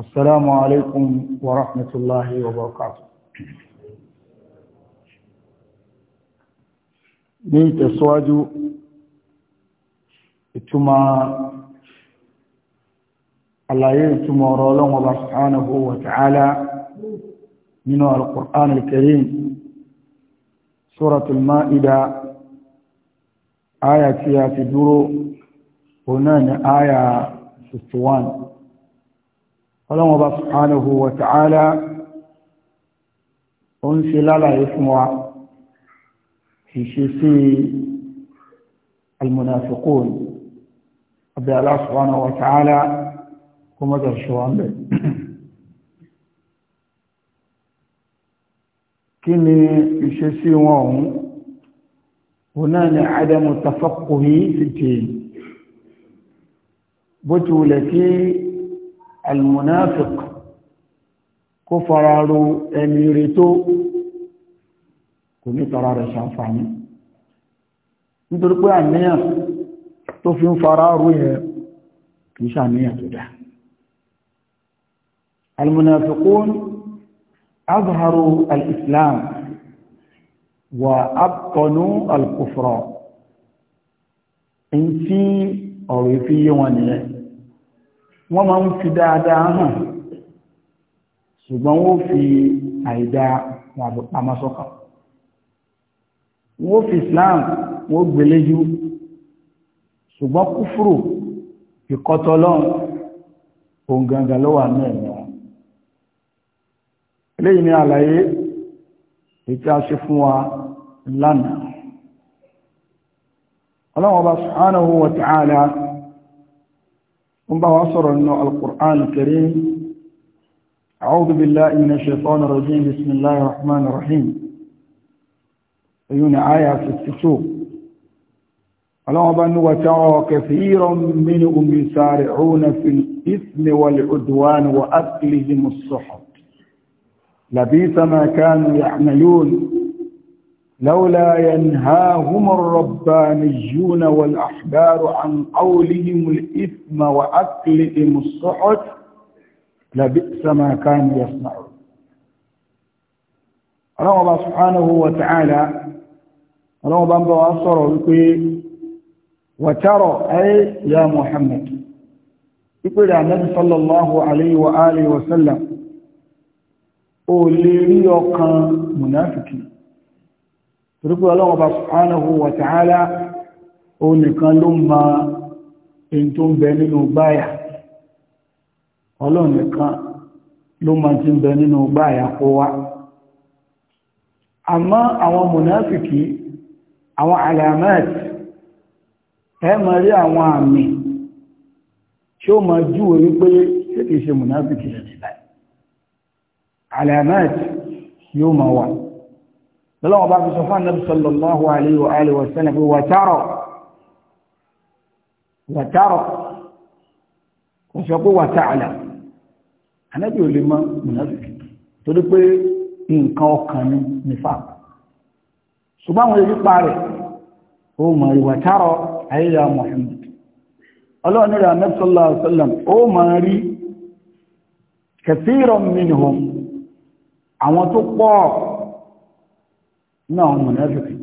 السلام عليكم ورحمة الله وبركاته ní ìtẹ̀síwájú ìtumọ̀ àlàyé ìtumọ̀ ọ̀rọ̀ ọlọ́wọ́ bá subhanahu wa ta'ala nínú al-Qur'an al-Karim suratul Ma'ida aya dúró òun ni aya ọlọ́wọ́n bá subhanahu wa ta'ala ó ń ṣe lálàyé fún wa ìṣesí almunafiqun ọbẹ̀ Allah subhanahu wa ta'ala kó mọ́tò ṣọwọ́n bẹ̀. kí ni ìṣesí wọn ọ̀hún wọn náà ni adamu tafaqquhi fi din bó ti wulẹ̀ kí almunafiq kó fara ro ẹni rẹ̀ tó kò ní tara rẹ̀ ṣàǹfààní nítorí pé àníyàn tó fi ń fara ro yẹ kìí ṣàníyàn tó dá almunafiqun azharu al-islam wa abtanu al-kufra in ti ọ̀rọ̀ ìfi yé wọn nìyẹn wọ́n máa ń fi dáadáa hàn ṣùgbọ́n wọ́n fi àìdá wọn àbí pamọ́ sọ́kàn wọ́n fi Islam wọ́n gbéléjú ṣùgbọ́n kúfúrù ìkọ́tọ̀ lọ́run ohun gangan ló wà náà ni wọn eléyìí ni àlàyé ètí a fún wa lánàá ọlọ́run ọba subhanahu wa ta'ala ومبواصر أنه القرآن الكريم أعوذ بالله من الشيطان الرجيم بسم الله الرحمن الرحيم أيون آية في السوق ألا أظن وترى كثيرا منهم يسارعون في الإثم والعدوان وأكلهم الصحب لبيث ما كانوا يعملون لولا ينهاهم الربانيون والأحبار عن قولهم الإثم وأكلهم الصحت لبئس ما كانوا يصنعون الله سبحانه وتعالى الله بامبا أصر وترى أي يا محمد يقول النبي صلى الله عليه وآله وسلم أولي يوقا منافقين torípé ọlọ́wọ́ bá subhanahu wa ta'ala ó nìkan ló ma èyí tó ń bẹ nínú gbáyà ọlọ́wọ́ nìkan ló ma ti ń bẹ nínú gbáyà kó wá àmọ́ àwọn mùnáfìkì àwọn alamẹ́ẹ̀tì ẹ ma rí àwọn àmì tí ó ma júwe wípé tí kìí ṣe mùnáfìkì rẹ̀ nílẹ̀ alamẹ́ẹ̀tì yóò ma wà lọ́wọ́ bá fi sọ fún anabi sallallahu alayhi wa alayhi wa sallam wa tààrọ̀ wa tààrọ̀ kò sọ pé wa tààlà anabi ò lè mọ mùnàfíkì torí pé nǹkan ọkàn ni nífà ṣùgbọ́n àwọn èyí pa rẹ̀ ó mọ̀ ìwà tààrọ̀ ayélujára Muhammad ọlọ́run rẹ̀ anabi sallallahu alayhi wa sallam ó mọ̀ rí kathiran minhum àwọn tó pọ̀ náà mọ̀nàfíkì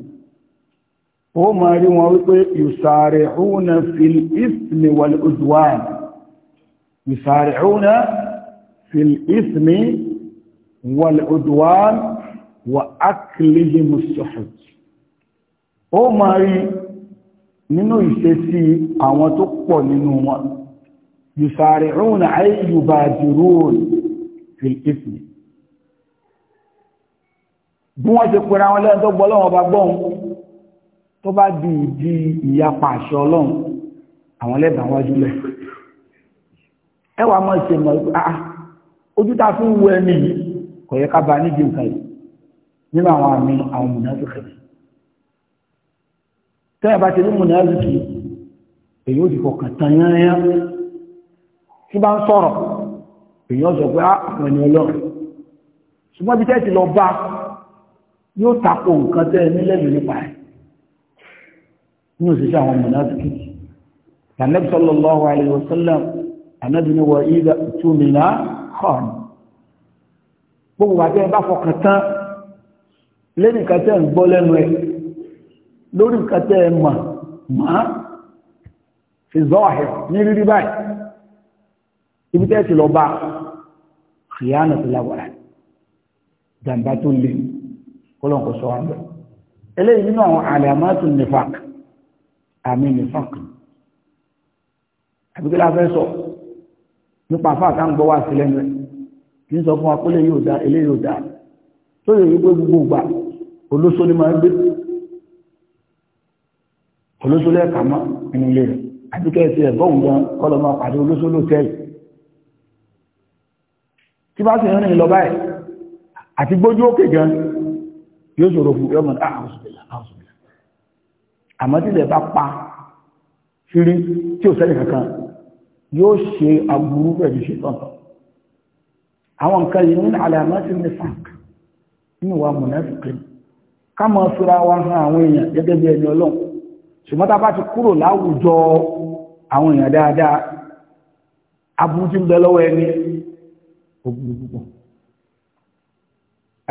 ó ma rí wọn wípé yusari'una fil ismi wal udwan yusari'una fil ismi wal udwan wa aklihim as-suhut ó ma rí nínú ìṣesí àwọn tó pọ̀ nínú wọn yusari'una ay yubadirun fil ismi bí wọ́n ṣe pèrè àwọn lẹ́yìn tó gbọ́ lọ́wọ́ ọba gbọ́hùn tó bá di ìdí ìyapa àṣẹ ọlọ́run àwọn lẹ́bàá wájú lẹ̀ ẹ wàá mọ̀ ṣe mọ̀ ah ojú tá a fi ń wo ẹni yìí kò yẹ ká ba nídìí nǹkan yìí nínú àwọn àmì àwọn mùnàfíkì tẹ́yìn bá ti ní mùnàfíkì èyí ó ti fọkàn tán yányá tí bá ń sọ̀rọ̀ èyí ó sọ pé ah, àwọn ẹni ọlọ́run ṣùgbọ́n bí tẹ́ẹ̀ ti lọ bá yóò tako nǹkan tẹ́ nílẹ̀lú nípa ẹ̀ ní òṣìṣẹ́ àwọn mọ̀nàtìkì tànẹ́bí sallallahu alaihi wasallam ànábì ní wọ ìdá túnmìnà kọ́ọ̀n gbogbo wa tẹ́ bá fọkàn tán lẹ́nu nǹkan tẹ́ ń gbọ́ lẹ́nu ẹ̀ lórí nǹkan tẹ́ mọ̀ mọ́ fi zọ́ọ̀hẹ̀ ní rírí báyìí ibi tẹ́ ti lọ bá kìyànà tó lágbára jàǹbá tó léwu kọlọ́n kò sọ wọn bẹ̀. eléyìí nínú àwọn àlàmátù nìfàk àmì nìfàk àbíkí la fẹ́ sọ nípa fáàkà ń gbọ́ wá sílẹ̀ ń rẹ̀ kì sọ fún wa pé eléyìí ò dáa eléyìí ò dáa tó yẹ wípé gbogbo ìgbà olóso ni máa ń gbé olóso lẹ́ẹ̀ka mọ́ nínú ilé rẹ̀ àbíkẹ́ ẹ̀sìn ẹ̀gbọ́n òun gan kọ́lọ́ máa pàdé olóso lóòtẹ́ẹ̀lì tí bá sì ń rìn lọ báyìí àti gbójú òkè gan yóò ṣòro fún yọ́mọ̀ àhùsùbìlà àhùsùbìlà àmọ́ tí ilẹ̀ bá pa ṣírí tí ò sẹ́lẹ̀ kankan yóò ṣe agbúrú pẹ̀lú ṣe tọ́ntọ̀ àwọn nǹkan yìí nínú àlàmọ́ sí ní frank nínú wa mọ̀nẹ́fìkì ká mọ́ fúra wa hàn àwọn èèyàn gẹ́gẹ́ bí ẹni ọlọ́run ṣùgbọ́n tá a bá ti kúrò láwùjọ àwọn èèyàn dáadáa aburú ti ń bẹ lọ́wọ́ ẹni ó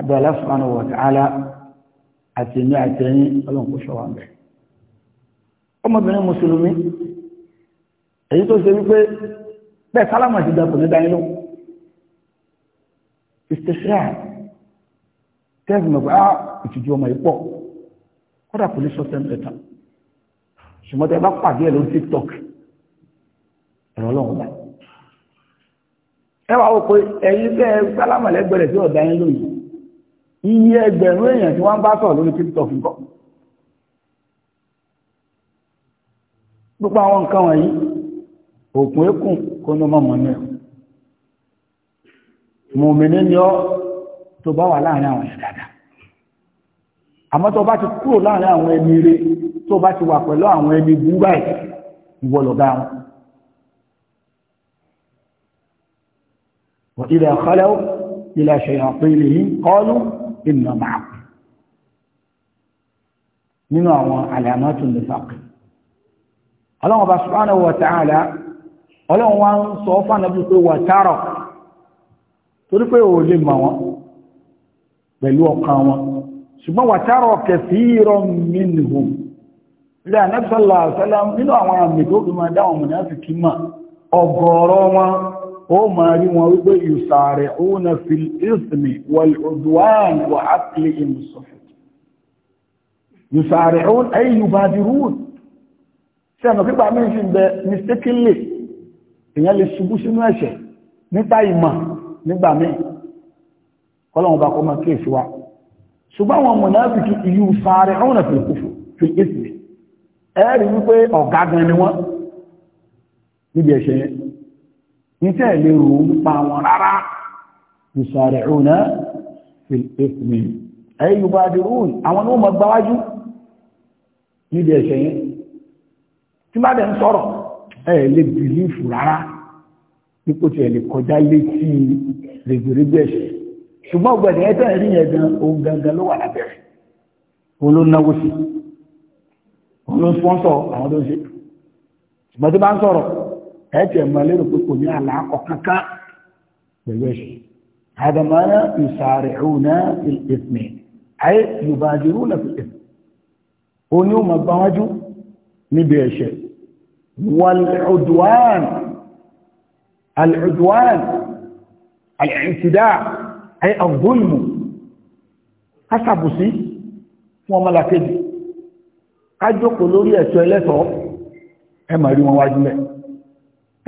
abẹ́ aláfàánù wọ̀tàálá àtẹ̀mí àtẹ̀yìn ọlọ́nkú ṣọwà mẹ́ ọmọbìnrin mùsùlùmí èyí tó ṣe wípé bẹ́ẹ̀ sálámà ti dàpọ̀ ní dáyínú ìsẹ̀ṣẹ́ tẹ́ẹ̀fì mọ̀pá ah, ìtìjú ọmọ ìpọ̀ kọ́dà kò ní sọ tẹ́mẹ̀ta ṣùgbọ́n tẹ́ bá pàdé ẹ̀ lórí tiktok ẹ̀rọ ọlọ́run bá ẹ wà ó pé ẹ̀yin tẹ́ sálámà lẹ́gbẹ̀rẹ̀ sí ọ̀dá yín iye ẹgbẹ̀rún èèyàn tí wọ́n bá sọ̀rọ̀ lórí kírípítọ̀ fún kọ́ gbogbo àwọn nǹkan wọ̀nyí òkun ékùn kó ní ọmọ mọ̀ ní ẹ̀ mọ̀mìnì ni ọ́ tó bá wà láàrin àwọn èèyàn dáadáa àmọ́ tó bá ti kúrò láàrin àwọn ẹni rere tó bá ti wà pẹ̀lú àwọn ẹni búgbà ẹ̀ ìwọ lọ̀gá wọn وإذا خلوا إلى شياطينهم قالوا inna ma'akum nínú àwọn àlàmátù nifaq ọlọ́run ọba subhanahu wa ta'ala ọlọ́run wa ń sọ fánàbí pé wà tààrọ̀ torí pé ò lè mọ̀ wọn pẹ̀lú ọkàn wọn ṣùgbọ́n wà tààrọ̀ kathiran minhum ilẹ̀ anẹ́bísọ́lá nínú àwọn àmì tó fi máa dáwọn mùnáfìkí mà ọgọ́rọ̀ wọn ó máa rí wọn wípé yusari'una fil ismi wal udwan wa aklihim as-suhut yusari'un ay yubadirun ṣe àmọ́ pípa méjì bẹ mistakenly èèyàn lè ṣubú sínú ẹ̀ṣẹ̀ nípa ìmọ̀ nígbà míì kọ́lọ́wọ́n bá wípé ọ̀gá ni wọ́n níbi ẹ̀ṣẹ̀ nítẹ́ lè rò ń pa wọn rárá ìṣàrẹ̀ọ́nà fìlìpìnì ẹ̀yí yorùbá adìrún àwọn ní ó mọ̀ gbáwájú níbi ẹ̀ṣẹ̀ yẹn tí bá dẹ̀ ń sọ̀rọ̀ ẹ̀ lè bìlífù rárá pípò tí ẹ̀ lè kọjá létí rẹ̀gbẹ̀rẹ̀gbẹ̀ ẹ̀ṣẹ̀ ṣùgbọ́n sí òun ṣùgbọ́n tí ẹ̀tẹ̀ ma lérò pé kò ní àlàákọ̀ kankan pẹ̀lú ẹ̀ṣẹ̀ àdàmọ́nà ìsàrẹ̀húnà ìfẹ̀ ayé yùbàdìrú nà fìfẹ̀ ó ní ó ma bá wájú níbi ẹ̀ṣẹ̀ wàlùdùwàn alùdùwàn alìsìdá ayé àgbóyìmù kásàbùsí fún ọmọlàkejì kájókòó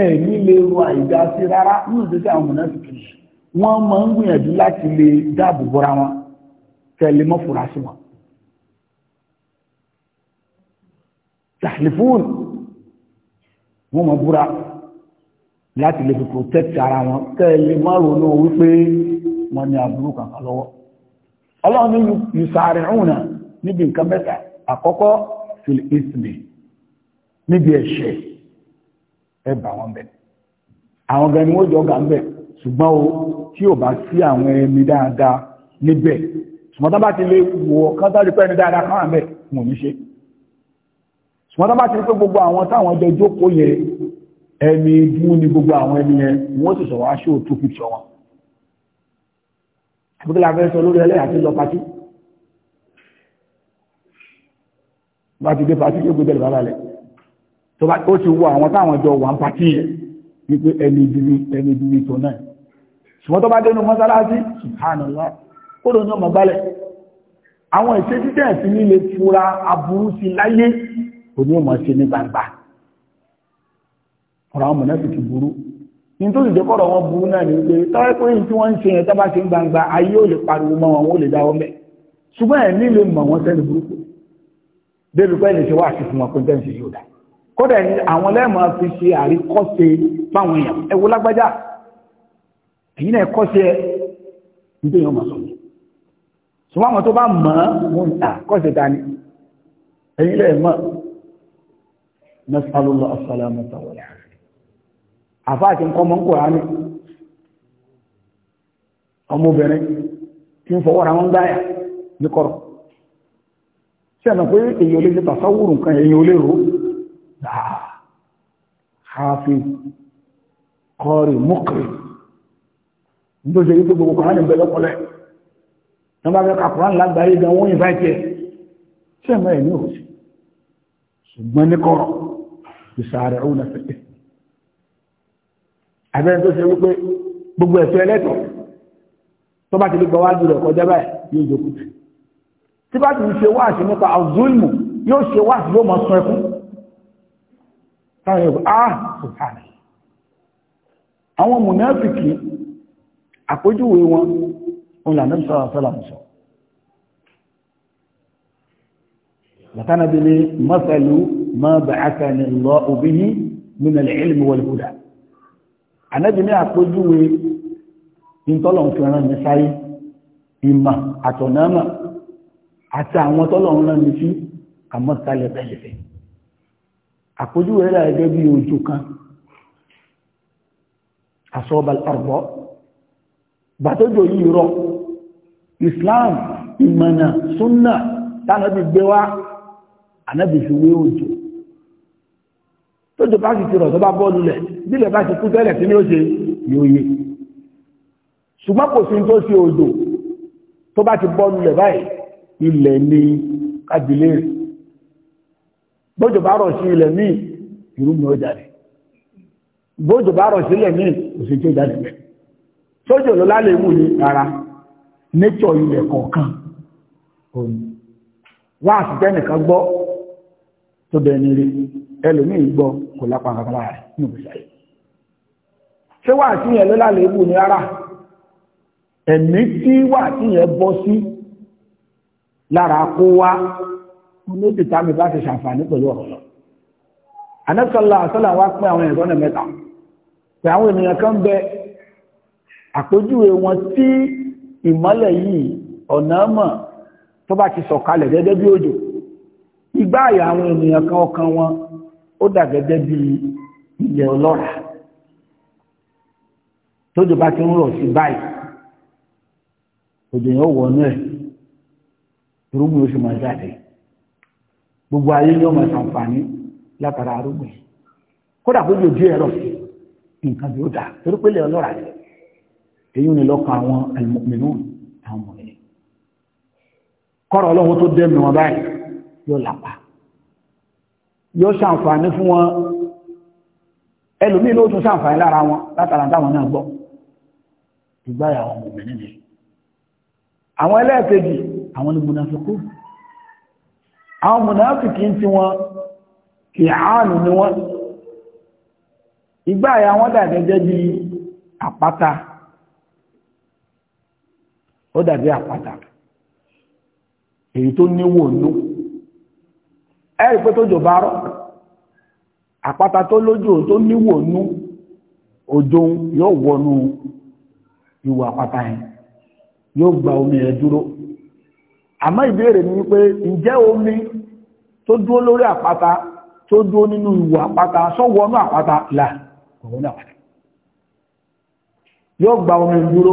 ẹ̀mí lè ro àìdá sí rárá nínú ìdíjá àwọn mọ̀nàfíkì wọ́n máa ń gbìyànjú láti lè dáàbò bọ́ra wọn tẹ̀lé mọ́ fura sí wọn. tàlifóònù wọ́n máa búra láti lè fi protect ara wọn tẹ̀lé mọ́ ronú wípé wọ́n ní aburú kankan lọ́wọ́. ọlọ́run ní yusari'una níbi nǹkan mẹ́ta àkọ́kọ́ fil ismi níbi ẹ̀ṣẹ̀ ẹ bá wọn bẹ̀. àwọn gan ni wọ́n jọ gà ń bẹ̀ ṣùgbọ́n o tí ò bá sí àwọn ẹni dáadáa níbẹ̀ ṣùgbọ́n tó bá ti lè wò ó kán sáré pẹ́ ẹni dáadáa kan àbẹ̀ wọn ò ní ṣe. ṣùgbọ́n tó bá ti rí pé gbogbo àwọn táwọn jọ jókòó yẹ ẹni dún ní gbogbo àwọn ẹni yẹn wọ́n sì sọ̀rọ̀ aṣọ òtún pípṣọ wọn. àbúkí la fẹ́ sọ lórí ẹlẹ́yà tí lọ pati. bá ti dé pati yóò gbé tó bá ó ti wọ àwọn táwọn jọ wà ń pàtí ẹ̀ wípé ẹni ìdíwí ẹni ìdíwí tó náà ṣùgbọ́n tó bá dénú mọ́sálásí subhanallah ó lọ ní ọmọ gbálẹ̀ àwọn ìṣe títẹ̀ sí nílé fura aburú sí láyé kò ní ọmọ ṣe ní gbangba ọ̀rọ̀ àwọn mọ̀nà ti burú ní tó sì jẹ́kọ̀rọ̀ wọn burú náà ni pé tọ́wọ́ pé ní tí wọ́n ń ṣe yẹn tábà ṣe ń gbangba ayé ò lè pariwo mọ́ wọn ó lè dáwọ́ mẹ́ ṣùgbọ́n ẹ̀ nílé mọ̀ wọn sẹ́ni burúkú débi pé ṣe wá sí wọn pé bẹ́ẹ̀ yóò dáa kódà ni àwọn lẹ́mọ̀ fi ṣe àríkọ́ṣe báwọn èèyàn ẹwọ lágbájá èyí náà kọ́ṣe ẹ nítorí èèyàn mọ̀ sọ̀rọ̀ ṣùgbọ́n àwọn tó bá mọ̀ wọn ta kọ́ṣe dání èyí lẹ́ mọ̀ nasalullah asalamata wal afiya àfa àti nǹkan ọmọ nǹkan rání ọmọbìnrin tí ń kọ̀rọ̀ ṣé ẹ̀nà pé èyí ò lè tàṣàwùrù nǹkan èyí ò rò ó hafi kọrì mọ́kìrì tó ṣe yípo gbogbo kọ̀rán ìbẹ̀ lọ́pọ̀lẹ̀ tó bá fẹ́ ka kọ̀rán lágbàáyé gan wọ́n ìbá ìtẹ́ ṣe mẹ́ ní òsì ṣùgbọ́n ní kọ́rọ̀ ìsàárẹ̀ òun náà fẹ́ abẹ́rẹ́ tó ṣe wípé gbogbo ẹ̀sọ́ ẹlẹ́tọ̀ táwọn yóò ah sùhánì àwọn mùnáfìkì àpójúwé wọn òun là nẹ́bí sọ́rọ̀ sọ́lá sọ látánàbílé mọ́sàlú ma ba'athani Allahu bihi min al-ilmi wal-huda ànábì ní àpójúwé ìtọ́lọ̀ fi rán mi sáyé ìmà àtọ̀námà àti àwọn àpójú rẹ̀ rẹ̀ gẹ́gẹ́ bí ojú kan asọ́bal ọ̀rọ̀ bàtọ́jọ́ yìí rọ Islam ìmọ̀nà súnnà tánàbí gbé wá ànábì fi wé òjò tójò bá sì ti rọ̀ tó bá bọ́ọ̀lù lẹ̀ bílẹ̀ bá ti kú tẹ́lẹ̀ tí ní ó ṣe yóò ṣùgbọ́n kò sí tó ṣe òjò tó bá ti bọ́ọ̀lù lẹ̀ báyìí ilẹ̀ ni kábílẹ̀ bójò bá rọ̀ sí ilẹ̀ míì ìrúmi ó jáde bójò bá rọ̀ sí ilẹ̀ míì òsì tó jáde bẹ̀ sójò lọ lálẹ́ mú ní ara nẹ́tọ̀ ilẹ̀ kọ̀ọ̀kan òní wá àtijọ́ nìkan gbọ́ tó bẹ̀ ẹlòmíì gbọ́ kò lápá kankan rẹ̀ ní òbí sáyé ṣé lálẹ́ ní ara ẹ̀mí ní tìta mi bá ti ṣàǹfààní pẹ̀lú ọ̀rọ̀ anẹ́sọ́lá àsọ́là wá pín àwọn ẹ̀rọ náà mẹ́ta pé àwọn ènìyàn kan bẹ àpèjúwe wọn tí ìmọ́lẹ̀ yìí ọ̀nà mọ̀ tó bá ti sọ̀kalẹ̀ gẹ́gẹ́ bí òjò igbá àyà àwọn ènìyàn kan ọkàn wọn ó dà gẹ́gẹ́ bí ilẹ̀ ọlọ́ra tójò bá ti ń rọ̀ sí báyìí òjò yẹn ó wọ̀ náà rúgbìn oṣù máa jáde gbogbo ayé yóò máa ṣàǹfààní látara arúgbìn kódà kó lójú ẹ̀rọ nǹkan bí ó dà torí pé lè ọlọ́ra rẹ̀ èyí ni lọ́kàn àwọn ẹ̀lùmọ̀mìnún àwọn ọmọdé kọ́rọ̀ ọlọ́run tó dẹ́mi wọn báyìí yóò lápá yóò ṣàǹfààní fún wọn ẹlòmíì ló tún ṣàǹfààní lára wọn látara táwọn náà gbọ́ ìgbáyà àwọn ọmọdé nìyẹn àwọn ẹlẹ́ẹ̀kejì àwọn ni munafiki àwọn mùnáfìkì tí wọ́n kì áàlù ni wọ́n ìgbà àyà wọ́n dà gẹ́gẹ́ bí àpáta ó dàbí àpáta èyí tó níwò ló ẹ̀rì pé tó jò bá rọ̀ àpáta tó lójò tó níwò nú òjò yóò wọnú ìwò àpáta yẹn yóò gba omi rẹ̀ dúró àmọ́ ìbéèrè ni wípé ǹjẹ́ omi tó dúó lórí àpáta tó dúó nínú ìwò àpáta sọ́wọ́nú àpáta là ọ̀wọ́nú àpáta yóò gba omi dúró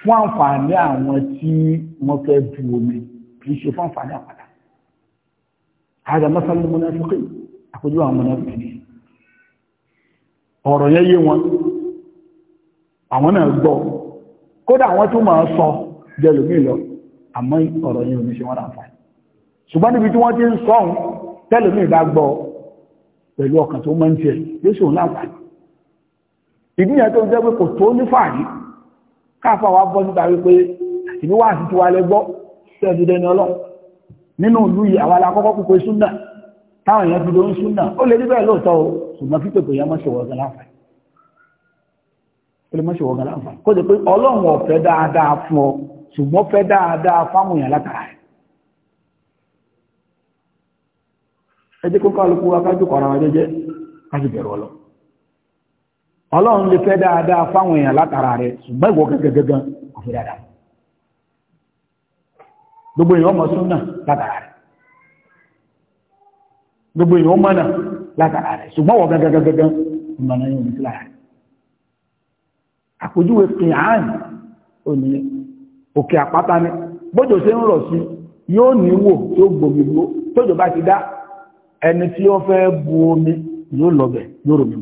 fún àǹfààní àwọn tí wọ́n fẹ́ ju omi kì í ṣe fún àǹfààní àpáta ààrẹ mọ́sálẹ́ mọ́nàfíkì àpójú àwọn mọ́nàfíkì ọ̀rọ̀ yẹn yé wọn àwọn náà gbọ́ kódà àwọn tó máa sọ jẹ́ lómi lọ́wọ́ àmọ́ ọ̀rọ̀ yẹn oníṣẹ́ wọn láǹfà ṣùgbọ́n níbi tí wọ́n ti ń sọ́hun tẹ́lẹ̀ mi bá gbọ́ pẹ̀lú ọkàn tó mọ́ ń tiẹ̀ yóò ṣòun láǹfà ìdí yẹn tó ń jẹ́ pé kò tó ní fàárí káfà wa bọ́ níta wípé ìní wà sí tiwa lẹ́gbọ́ tẹ́ẹ̀dù dẹni ọlọ́run nínú ìlú yìí àwọn alákọ́kọ́ kúkọ súnà táwọn èèyàn fi ló ń súnà ó lè rí bẹ́ẹ̀ lóòótọ́ o ṣùgbọ́n fípè kò yẹ mọ́ṣẹ́ wọ́gán láǹfààní ó lè mọ́ṣẹ́ wọ́gán láǹfààní kó jẹ́ pé ọlọ́run ọ̀fẹ́ dáadáa fún ọ ṣùgbọ́n fẹ́ dáadáa fáwọn èèyàn látara ẹ̀ ẹjẹ́ kó kálukú akájú kọ̀ọ̀rọ̀ wa jẹ́jẹ́ láti bẹ̀rù ọlọ́run lè fẹ́ dáadáa fáwọn èèyàn látara rẹ̀ ṣùgbọ́n ìwọ gẹ́gẹ́gẹ́gẹ́ kò fi dáadáa gbogbo èèyàn ọmọ súnà látara rẹ̀ gbogbo èèyàn látara rẹ̀ ṣùgbọ́n ìwọ gẹ́gẹ́gẹ́gẹ́ ìmọ̀nà ní rẹ̀ àpèjúwe òkè àpáta ni bójò ṣe ń rọ̀ sí yóò níwò tí ó gbòmí gbó tójò bá ti dá ẹni tí ó fẹ́ bu omi yóò lọ́bẹ̀ yóò rò mí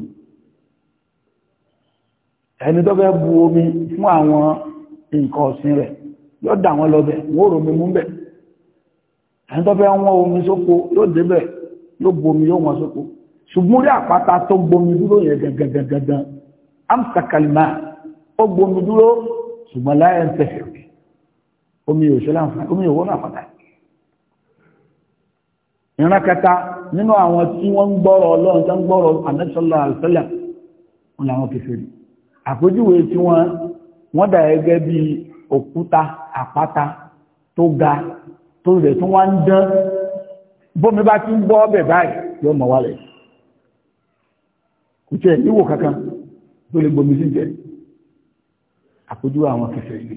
ẹni tó fẹ́ bu omi fún àwọn nǹkan ọ̀sìn rẹ̀ yóò dà wọ́n lọ́bẹ̀ wọ́n rò mí mú bẹ̀ ẹni tó fẹ́ wọ́n omi sóko yóò débẹ̀ yóò gbomi yóò wọ́n sóko ṣùgbọ́n rí àpáta tó gbomi dúró yẹn gangan amsakalima ó gbomi dúró ṣùgbọ́n láyé ń tẹ̀sẹ̀ rẹ̀ omi òṣèlú àǹfààní omi òwò náà fàtà ìran kẹta nínú àwọn tí wọ́n ń gbọ́rọ̀ ọlọ́run tó ń gbọ́rọ̀ anẹ́sọ́lá àlùsọ́là wọn làwọn kèfèrí àpèjúwe tí wọ́n wọ́n dà gẹ́gẹ́ bí òkúta àpáta tó ga tó rẹ̀ tó wá ń dán bómi bá ti ń gbọ́ ọbẹ̀ báyìí yóò mọ̀ wálẹ̀ kò tiẹ̀ níwò kankan tó lè gbomi sí jẹ àpèjúwe àwọn kèfèrí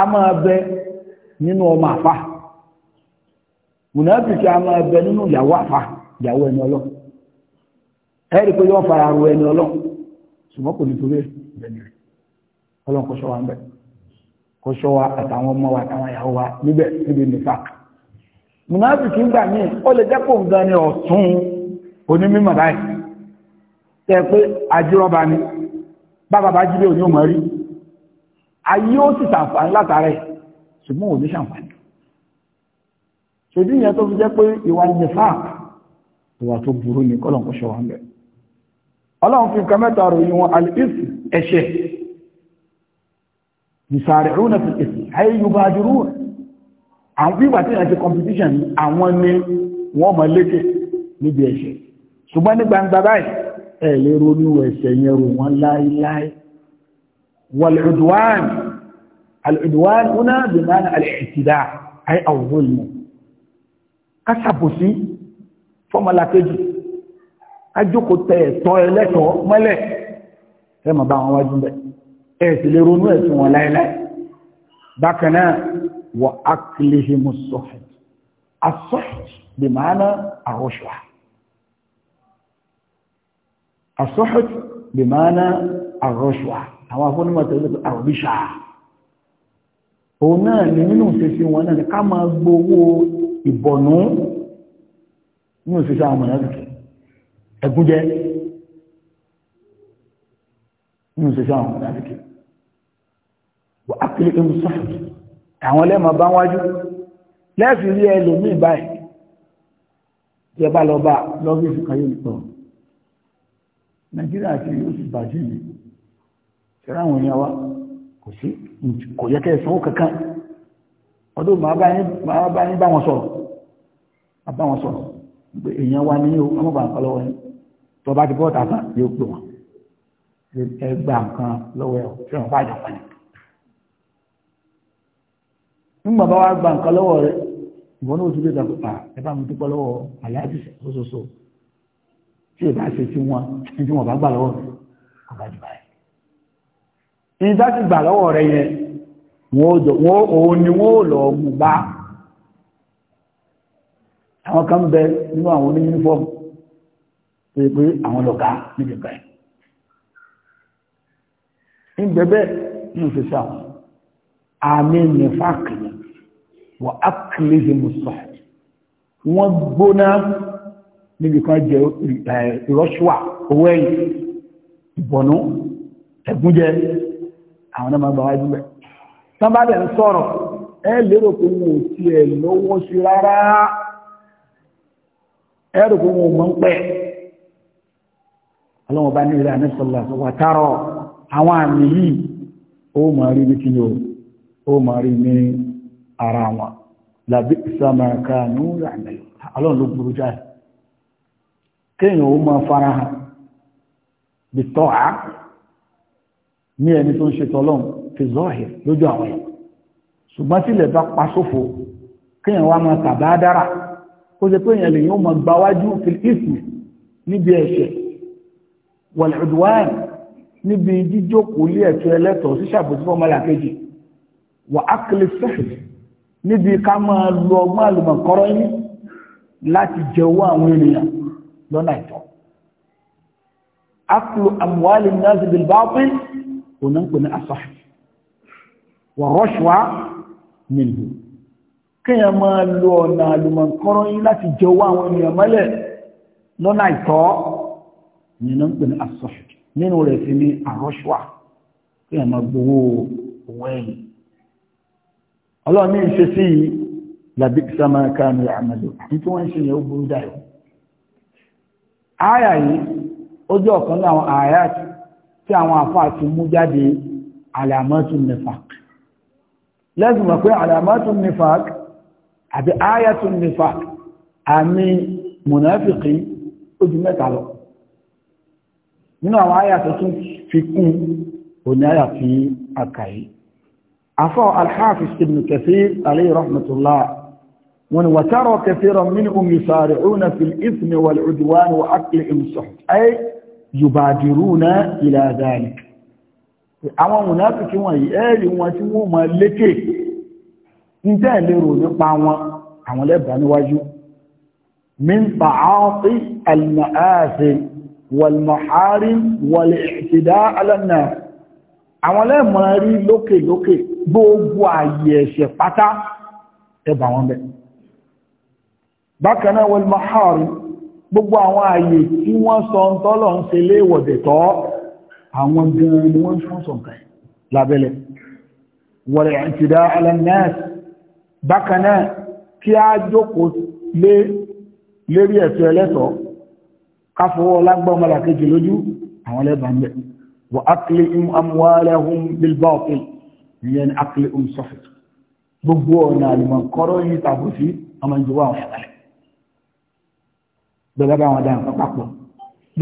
a máa bẹ nínú ọmọ àfà mùnàfíkì a máa bẹ nínú ìyàwó àfà ìyàwó ẹni ọlọ́run ẹ̀rí pé yóò fara ro ẹni ọlọ́run ṣùgbọ́n kò ní torí ẹni rẹ̀ ọlọ́run kò ṣọ́ wa ń bẹ̀ kò ṣọ́ wa àtàwọn ọmọ wa àtàwọn ìyàwó wa níbẹ̀ níbi nìfà ni ọ̀tún báyìí tẹ́ pé ajírọ́ba ni bá bàbá jílé òní ò rí ayé ó sì sàǹfàní látàrẹ ṣùgbọ́n ò ní sàǹfàní ṣèdí ìyẹn tó fi jẹ́ pé ìwà nìfà ìwà tó burú ní kọ́lọ̀kọ́ ṣọwà ń bẹ̀ ọlọ́run fi nǹkan mẹ́ta ròyìn wọn alìsì ẹ̀ṣẹ̀ ìsàrẹ̀rúnà fi èsì ayé yorùbá ajúrú àwọn bí ìgbàtí ìrìnàjò competition àwọn ni wọ́n mọ̀ lékè níbi ẹ̀ṣẹ̀ ṣùgbọ́n ní gbangba báyìí ẹ̀ lè ronú ẹ̀ṣẹ̀ yẹn rò wọ́n láíláí والعدوان العدوان هنا بمعنى الاعتداء أي الظلم كسبوسي فما لا تجي أجوكو تي تويلتو ملك كما باعوا واجب ده إيه لرونو اسمه لا لا وأكلهم السحت السحت بمعنى الرشوة السحت بمعنى الرشوة àwọn afọ́nímọ̀ tẹ̀lé pé àwọn bíṣà òun náà ni nínú ìṣesí wọn náà ni ká máa gbowó ìbọ̀nú nínú ìṣesí àwọn mọ̀nàbìkì ẹ̀gúnjẹ nínú ìṣesí àwọn mọ̀nàbìkì wọ́n á kiri ẹmu sọ́ọ̀tù àwọn lẹ́mọ̀ bá wájú lẹ́ẹ̀fì rí ẹlòmíì báyìí tí ẹ bá lọ bá lọ́fíìsì kan yóò tọ̀ nàìjíríà ti yóò sì bàjẹ́ yìí ṣẹ́rá àwọn èèyàn wa kò sí kò yẹ kẹ́ ìsanwó kankan ọdún máa bá yín bá wọn sọ̀rọ̀ àbá wọn sọ̀rọ̀ pé èèyàn wa ní o ọmọ bá ń kọ́ lọ́wọ́ yín tó bá ti bọ́ọ̀tà kan yóò pè wọ́n ẹ gba nǹkan lọ́wọ́ ẹ̀ tí wọ́n bá jà pa ni. nígbà bá wá gba nǹkan lọ́wọ́ rẹ̀ ìwọ náà ti gbé ìdàgbà pa ẹ bá mi dúpọ́ lọ́wọ́ àyájú sọ́sọ́sọ́ tí ìbá ṣe tí wọ́n tí wọ́n bá gbà lọ́wọ́ rẹ̀ kọ́ bá jù báyìí ìdá ti gbà lọ́wọ́ rẹ̀ yẹn òun ni wọ́n lọ mú bá àwọn kan bẹ nínú àwọn oní uniform tó yẹ pé àwọn lọ́gá níbi bẹ̀rẹ̀ ń bẹ̀bẹ̀ nínú ṣe sọ àmì nìfàkìlì wà ákìlìsì mùsọ̀ wọ́n gbóná níbi kan jẹ ìrọ́ṣùwà owó ẹ̀yìn ìbọ̀nú ẹ̀gúnjẹ àwọn náà máa gbà wájú ń sọ̀rọ̀ ẹ lérò pé wọn ò tiẹ̀ lọ́wọ́ sí rárá ẹ rò pé wọn ò ń pẹ́ ọlọ́wọ́n ní ilé àníṣọ́lá wà àwọn àmì yìí ara wọn làbí ìsàmàkà ní ọlọ́run ló ní ẹni tó ń ṣe tọ́lọ́n fi zọ́ọ̀hì lójú àwọn ẹ̀ ṣùgbọ́n sílẹ̀ bá pa sófo kíyàn wá máa tàbá dára ó ṣe pé èèyàn lè yóò máa gbáwájú fìlìsì níbi ẹ̀ṣẹ̀ wàlúùdùwáàn níbi jíjókòó lé ẹ̀tọ́ ẹlẹ́tọ̀ọ́ sí ṣàbòsí fọ́mọ làkejì wà ákìlì sẹ́fì níbi ká máa lo ọgbọ́n àlùmọ̀kọ́rọ́ yín láti jẹ owó àwọn ènìyàn lọ́nà ìtọ́ ákìlù àmúwálì náà sì bìlbáàpín òun ń pè ní asahi wà rọ́ṣùwá nìlú kéèyàn máa lo ọ̀nà àlùmọ̀ǹkọ́rọ́ yín láti jọwọ́ àwọn ènìyàn mọ́lẹ̀ lọ́nà ìtọ́ nínú ń pè ní asahi nínú rẹ̀ sí ní àrọ́ṣùwá kéèyàn máa gbowó òun ẹ̀yìn ọlọ́run ní ìṣe sí yìí làbí sàmà kánú àmàlò àti tí wọ́n ń ṣe yẹn ó burú dayọ̀ áyà yìí ó jẹ́ ọ̀kan láwọn àyà tí àwọn àfáà ti mú jáde alamọ́tún nifaq lẹ́sùn mọ̀ pé alamọ́tún nifaq àbí ayatun nifaq àmì mùnáfíkì ojú mẹ́ta lọ nínú àwọn ayàtọ̀ tún fi kún òní ayà fi àkàyí afọ́ alhafiz ibn kathir alayhi rahmatullah wọn wàtàrọ̀ kathiran minhum yusari'una fil ithmi wal udwan wa aklihim yubadiruna ila dhalik àwọn mùnáfíkí wọ̀nyí ẹ́ẹ̀rì wọn tí wọ́n mọ̀ lékè ń tẹ́ lérò nípa wọn àwọn lẹ́bà níwájú min ta'ati al-ma'asi wal-maharim wal-i'tida àwọn lẹ́mọ̀ rí lókè lókè gbogbo àyè pátá ẹbà wọn bẹ̀ bákan náà gbogbo àwọn ààyè tí wọ́n sọ ń tọ́lọ̀ ń ṣe léèwọ̀dẹ̀ tọ́ àwọn gan ni wọ́n fún sọ̀kàn lábẹ́lẹ̀ wọ̀rẹ̀ ìtìdá alẹ́nẹ́ẹ̀sì bákanáà kí a jókòó lérí ẹ̀tọ́ ẹlẹ́tọ́ káfọwọ́ lágbọ́mọ́lá kejì lójú àwọn lẹ́bàmbẹ̀ wọ akílẹ̀ im amwalahum bilbatil bẹ̀rẹ̀ bá wọn dá nǹkan papọ̀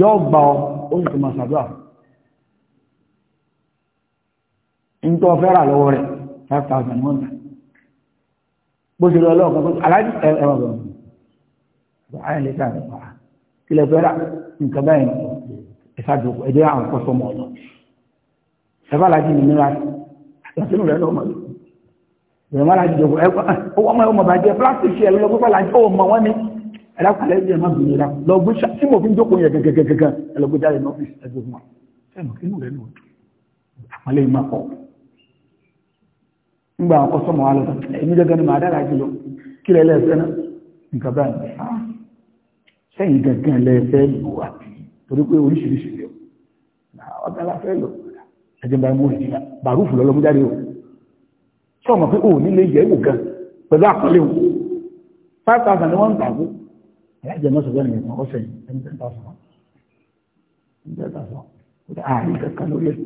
yóò gbà ọ ó sì tún máa ṣàdúrà ń tọ́ fẹ́ rà lọ́wọ́ rẹ̀ five thousand one hundred bó ṣe lọ lọ́ọ̀kan fún aláàjì ẹ̀rọ bẹ̀rẹ̀ bẹ̀rẹ̀ ayé lè ta rẹ̀ pa kí lè fẹ́ rà nǹkan báyìí ìṣàjò ẹ̀jẹ̀ àwọn kọ́sọ́mọ̀ ọ̀nà ẹ̀fọ́ aláàjì mi níra rẹ̀ lọ́wọ́ màlúù ìrọ̀mọ́ aláàjì jọ̀wọ́ ọmọ ọmọ bàjẹ́ plastic ẹ̀ lọ́wọ́ pípa ni ẹ̀lápàlẹ́ ẹ̀jẹ̀ má bìnrin ra lọ gbé ṣá tí mo fi ń jókòó yẹn gẹ́gẹ́gẹ́gẹ́ ẹlọgbé jáde ní ọ́fíìsì ẹgbẹ́ fún wa ẹnu kí inú rẹ̀ nù àpọ̀lẹ́ ìmọ̀ pọ̀ nígbà àwọn kọ́sọ́mọ̀ wa lọ́tọ̀ ẹ̀mí gẹ́gẹ́ ni màá dára jùlọ kí lẹ́lẹ́ ẹ̀fẹ́ náà nǹkan báyìí ah, sẹ́yìn gẹ́gẹ́ lẹ́ẹ̀fẹ́ lò wá torí pé oríṣiríṣi rẹ̀ ọ̀gá la fẹ́ lò ẹ̀jẹ̀ bá mú ìdíyà bàrúfù lọ́lọ́gbẹ́jáde o sọ́ọ̀mọ̀ pé òun nílé yẹ̀ wò gan pẹ̀lú àpọ̀lẹ́ òun 5000 ni wọ́n ń gbàgbó ẹ̀jẹ̀ mọ́sọ̀gbọ́n ní ìtàn ọ̀sẹ̀ ẹni tẹ́ta sọ ẹni tẹ́ta sọ ààrin kankan lórí ẹ̀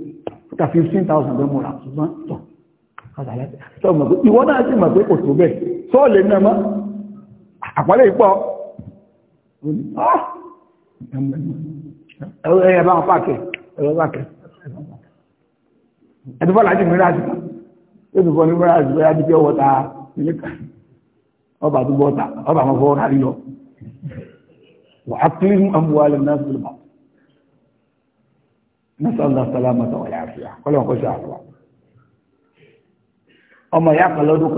fúta fifteen thousand bẹ́ẹ̀ múra ṣùgbọ́n tọ̀ kásálẹ́tẹ̀ tọ́ mọ̀ pé ìwọ náà sì mọ̀ pé kò tó bẹ́ẹ̀ sọ́ọ̀lẹ̀ náà mọ́ àpálẹ̀ ìpọ̀ ẹ̀yẹ bá wọn pàkẹ́ ẹ̀rọ pàkẹ́ ẹ̀dùfọ́ làájì mìíràn àti ẹ̀dùfọ́ ní mìíràn àti bẹ́ẹ̀ adìgbẹ́ wọ́ta ọba àdúgbò ọta وعقلهم أموال الناس بالباطل نسأل الله سلامة والعافية قلوا قل شاء الله ọmọ ìyá kan lọ́dún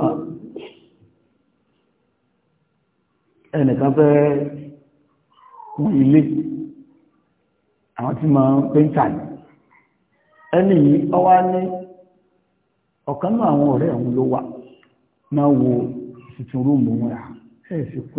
kan fẹ́ kún ilé àwọn tí ma ń ní àwọn ọ̀rẹ́ ẹ̀hún ló wà náà wo wọn ẹ̀ẹ́sì kú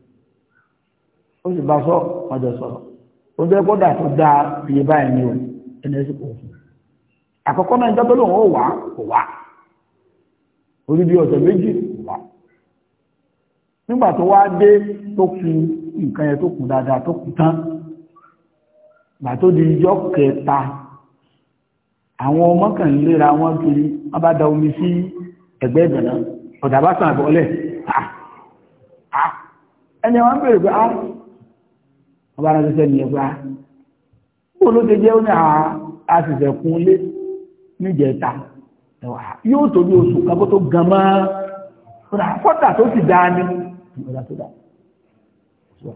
ó sì bá sọ ọjọ sọ̀rọ̀ ó jẹ kó tó dáa iye báyìí ni o ẹni ẹsẹ kò fún àkọ́kọ́ náà ìjọba lòun ó wà kò wà orí bí ọ̀sẹ̀ méjì kò wà nígbà tó wá dé tó kù nǹkan yẹn tó kù dáadáa tó kù tán gbà tó di ijọ́ kẹta àwọn ọmọ kan ń léra wọn kiri wọn bá da omi sí ẹ̀gbẹ́ ìgbẹ̀nà ọ̀dà bá sàn àbọ̀lẹ̀ ah, ah. ẹni wọn bèrè pé ah, wọ́n bá ránṣẹ́ ní ẹgbẹ́ bó ló ti jẹ́ ó ní kún lé níjẹta yóò oṣù kan tó gan mọ́ tó dáa ní tó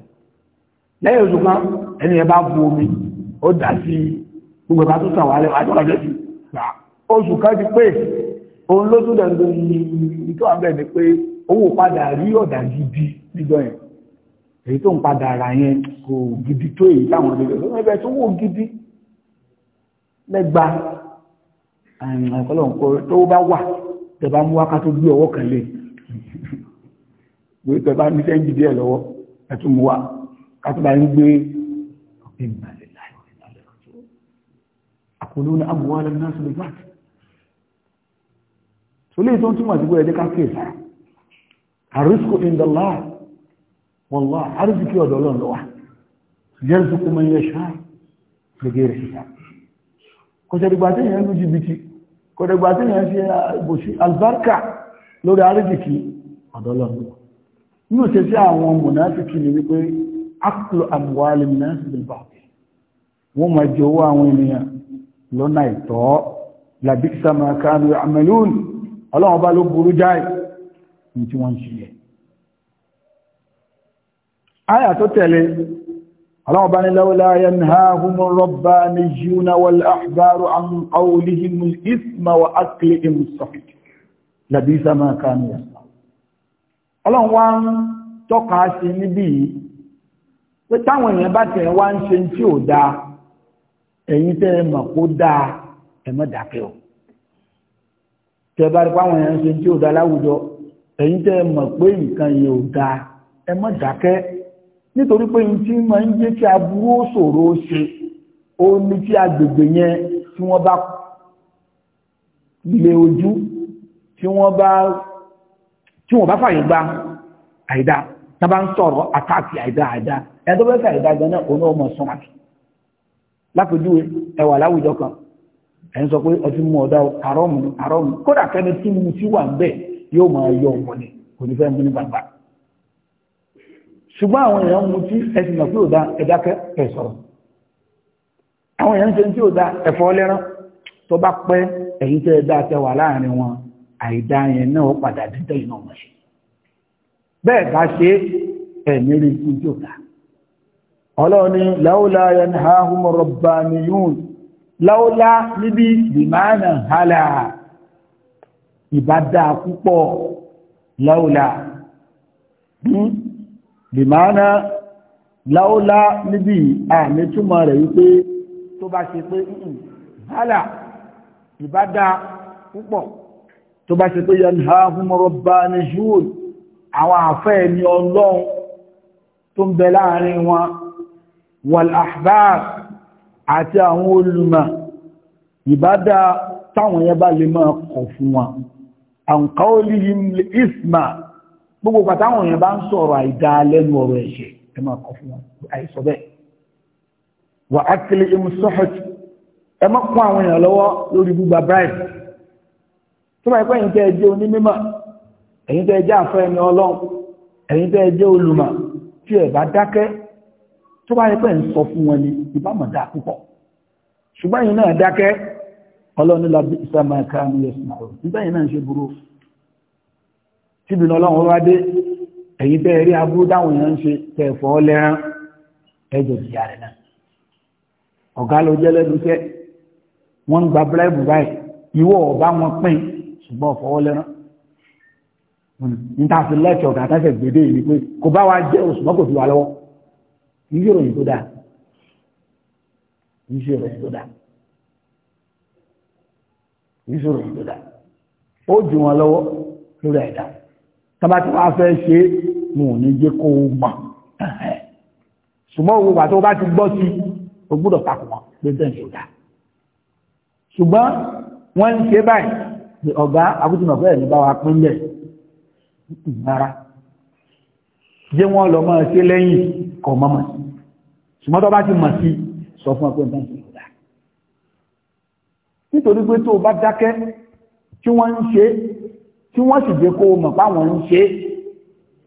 lẹ́yìn oṣù kan ẹni ẹ bu omi ó dà sí gbogbo ẹ̀bá tó sàn wà lẹ́wọ̀ oṣù kan ti pé òun ló tún dẹ̀ ń ìtọ́ àbẹ̀ ni pé owó padà rí ọ̀dà gidi yẹn èyí tó ń padà ara yẹn kò gidi tó èyí táwọn ọdún ẹgbẹ́ ẹgbẹ́ tó wò gidi lẹ́gba ẹ̀kọ́lọ́nkọ́ tó bá wà tẹ̀bá mú wákà tó gbé ọwọ́ kan lè wé tẹ̀bá ní sẹ́ńjì díẹ̀ lọ́wọ́ ẹ̀tún mú wá kátàbá ń gbé àkọlóní àbúwá lẹ́nu náà sọ̀rọ̀ ìgbà tó lè wallahi arziki ọ̀dọ̀ ọlọ́run ló wà yarzuqu man yasha' gẹ́gẹ́rẹ́ síta kọjọ̀dìgbà tí èèyàn lú jìbìtì kọjọ̀dìgbà tí èèyàn fi àbòsí albarka lórí arziki ọ̀dọ̀ ọlọ́run ló wà nínú ṣe sí àwọn mùnáfíkì ni wípé aklu amwalin nas bil batil wọ́n máa jẹ ló burú jáì ní tí wọ́n ń ṣe yẹn آية تتلي الله بني لولا ينهاهم الربانيون والأحبار عن قولهم الإثم وأكلهم الصحيح لبيس ما كانوا يصنعون الله وان tọ́ka sí níbí pé táwọn èèyàn bá tẹ̀ wá ń ṣe tí ò dáa ẹ̀yin tẹ́ ẹ mọ̀ kó dáa ẹ má dákẹ́ o tẹ́ bá nítorí pé ní tí máa ń jẹ́ kí aburú ṣòro ṣe ó ní tí agbègbè yẹn tí wọ́n bá lé ojú tí wọ́n bá tí wọ́n bá fàyè gba àìdá tá bá ń sọ̀rọ̀ àtàkì àìdá àìdá ẹni tó bẹ́ fẹ́ àìdá gan náà òun náà mọ̀ sọ́n àti lápèjúwe ẹwà láwùjọ kan ẹ̀ ń sọ pé ọtí mú ọ̀dá àrọ́mù àrọ́mù kódà kẹ́ni tí mo ti wà ń bẹ̀ yóò máa yọ ọmọ ni kò ní fẹ́ mú ní gbàgbà ṣùgbọ́n àwọn èèyàn mú tí ẹ̀sìn mọ̀ pé ò dá ẹ̀dákẹ́ ẹ̀sọ̀rọ̀ àwọn èèyàn ṣe tí ò dá ẹ̀fọ́ lẹ́rán tó bá pẹ́ ẹ̀yìn tẹ́ dá tẹ wà láàrin wọn àìdá yẹn náà padà dídẹ́ iná wọn ṣe bẹ́ẹ̀ bá ṣe ẹ̀mí rí ikú tí ò dá ọlọ́run ni láúlá yanhahum rabbaniyun láúlá níbi bìmánà hálà ìbá dáa púpọ̀ láúlá bìmánà láólá níbi àmì túmọ̀ rẹ̀ wípé tó bá ṣe pé hálà ìbádá púpọ̀ tó bá ṣe pé yanhahum rabbaniyun àwọn àfẹ́ ẹni ọlọ́run tó ń bẹ láàrin wọn wal àti àwọn olùmọ̀ ìbádá táwọn yẹn bá lè máa kọ̀ fún wọn an qawlihim gbogbo pàtàwọn èèyàn bá ń sọ̀rọ̀ àìdá lẹ́nu ọ̀rọ̀ ẹ̀ṣẹ̀ ẹ máa kọ fún wọn àìsọ bẹ́ẹ̀ wà á kiri imu sọ́hẹ̀t ẹ má kún àwọn èèyàn lọ́wọ́ lórí gbígba bribe tó bá yẹ pé tẹ́ ẹ jẹ́ onímọ̀ ẹ̀yin tẹ́ ẹ jẹ́ àfẹ́ ẹni ọlọ́run ẹ̀yin tẹ́ ẹ jẹ́ olùmọ̀ tí ẹ bá dákẹ́ tó bá yẹ pé sọ fún wọn ni ìbámu dáa púpọ̀ ṣùgbọ́n ẹ̀yin náà dákẹ́ ọlọ́run ní tíbi lọ́lọ́run wá dé èyí tẹ́ rí abúrú dáwọn èèyàn ń ṣe tẹ̀fọ́ lẹ́rán ẹjọ́ ìyá rẹ̀ náà ọ̀gá ló jẹ́ lẹ́nu iṣẹ́ wọ́n ń gba bíráìbù báyìí ìwọ ọ̀bá wọn pín ṣùgbọ́n ọ̀fọ́wọ́ lẹ́rán níta fi lẹ́tọ̀ ọ̀gá tẹ́fẹ̀ gbèdé yìí pé kò bá wa jẹ́ oṣù mọ́kò fi wà lọ́wọ́ kì í ṣe ìròyìn tó dáa kì í ṣe ìròyìn tó dáa kì í ṣe ìròyìn tó dáa ó jù wọn lọ́wọ́ lórí àìdáhùn tọba tí wọ́n fẹ́ ṣe mú ní jẹ́ kó mọ̀ ṣùgbọ́n òwúwà tó bá ti gbọ́ sí o gbúdọ̀ takò wọn pé bẹ́ẹ̀ ṣe dá ṣùgbọ́n wọ́n ń ṣe báyìí ọ̀gá akútùmọ̀fẹ́ ẹ̀ ní bá wa pínlẹ̀ ìgbára jẹ́ wọ́n lọ máa ṣe lẹ́yìn kọ̀ mọ́mọ́ ṣùgbọ́n tó bá ti mọ̀ sí sọ fún ọpẹ́ bẹ́ẹ̀ ṣe dá nítorí pé tó bá dákẹ́ tí wọ́n ń ṣe tí wọ́n sì jẹ́ kó mọ̀ páwọn ń ṣe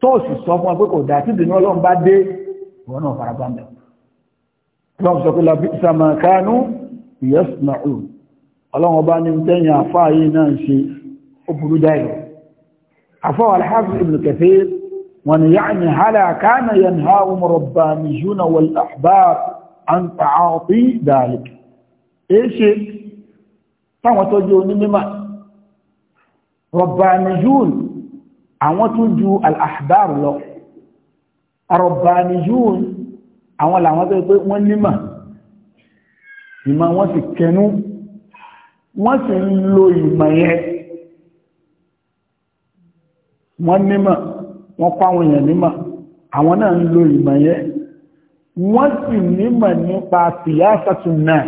tó sì sọ fún ọ pé kò dáa títí ní ọlọ́run bá dé ìwọ náà fara gbáǹdà ọlọ́run sọ pé labi samakanu yasma'u ọlọ́run ọba ní tẹ́yìn àfáà yìí náà ṣe ó burú jáìrò àfáà alhafi ibn kathir wọn yàní hálà kánà yẹn ha umarọ̀bà nìjúna wal ahbar an ta'ati dalik èé ṣe táwọn tọ́jú onímọ̀ rọ̀bánijún àwọn tó ju al-ahbar lọ rọ̀bánijún àwọn làwọn tó pé wọ́n nímọ̀ ìmọ̀ wọ́n sì kẹnú wọ́n sì ń lo ìmọ̀ yẹn wọ́n nímọ̀ wọ́n kọ́ èèyàn nímọ̀ àwọn náà ń lo ìmọ̀ yẹn wọ́n sì nímọ̀ nípa siyasatun nas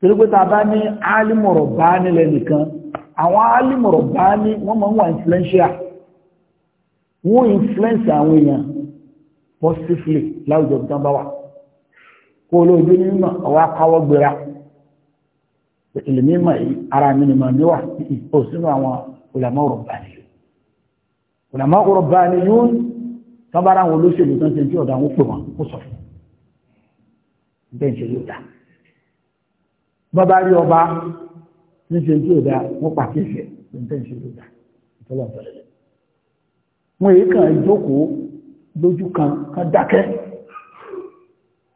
torí pé ta bá ní alimọ̀rọ̀ bá nílẹ̀ nìkan àwọn alimọ̀rọ̀ bá ní wọ́n máa ń wà influential wọ́n influence àwọn èèyàn positively láwùjọ tó ń bá wà kó lóòjú ní mímọ̀ àwọn akáwọ́ gbéra ìlú mímọ̀ ara mi nìmọ̀ níwà ó sínú àwọn olàmọ́rọ̀ bá ní olàmọ́rọ̀ bá ní yóò tán bára àwọn olóṣèlú tán ṣe tí ọ̀dà wọn pè wọn kó sọ fún bẹ́ẹ̀ ṣe yóò dáa bọ́bá rí ọba níṣe tí ò dáa wọ́n pàkíyèsí ní tẹ́ ìṣe tó dáa ìtọ́lọ̀ wọ́n èyí kan ìjókòó lójú kan kan dákẹ́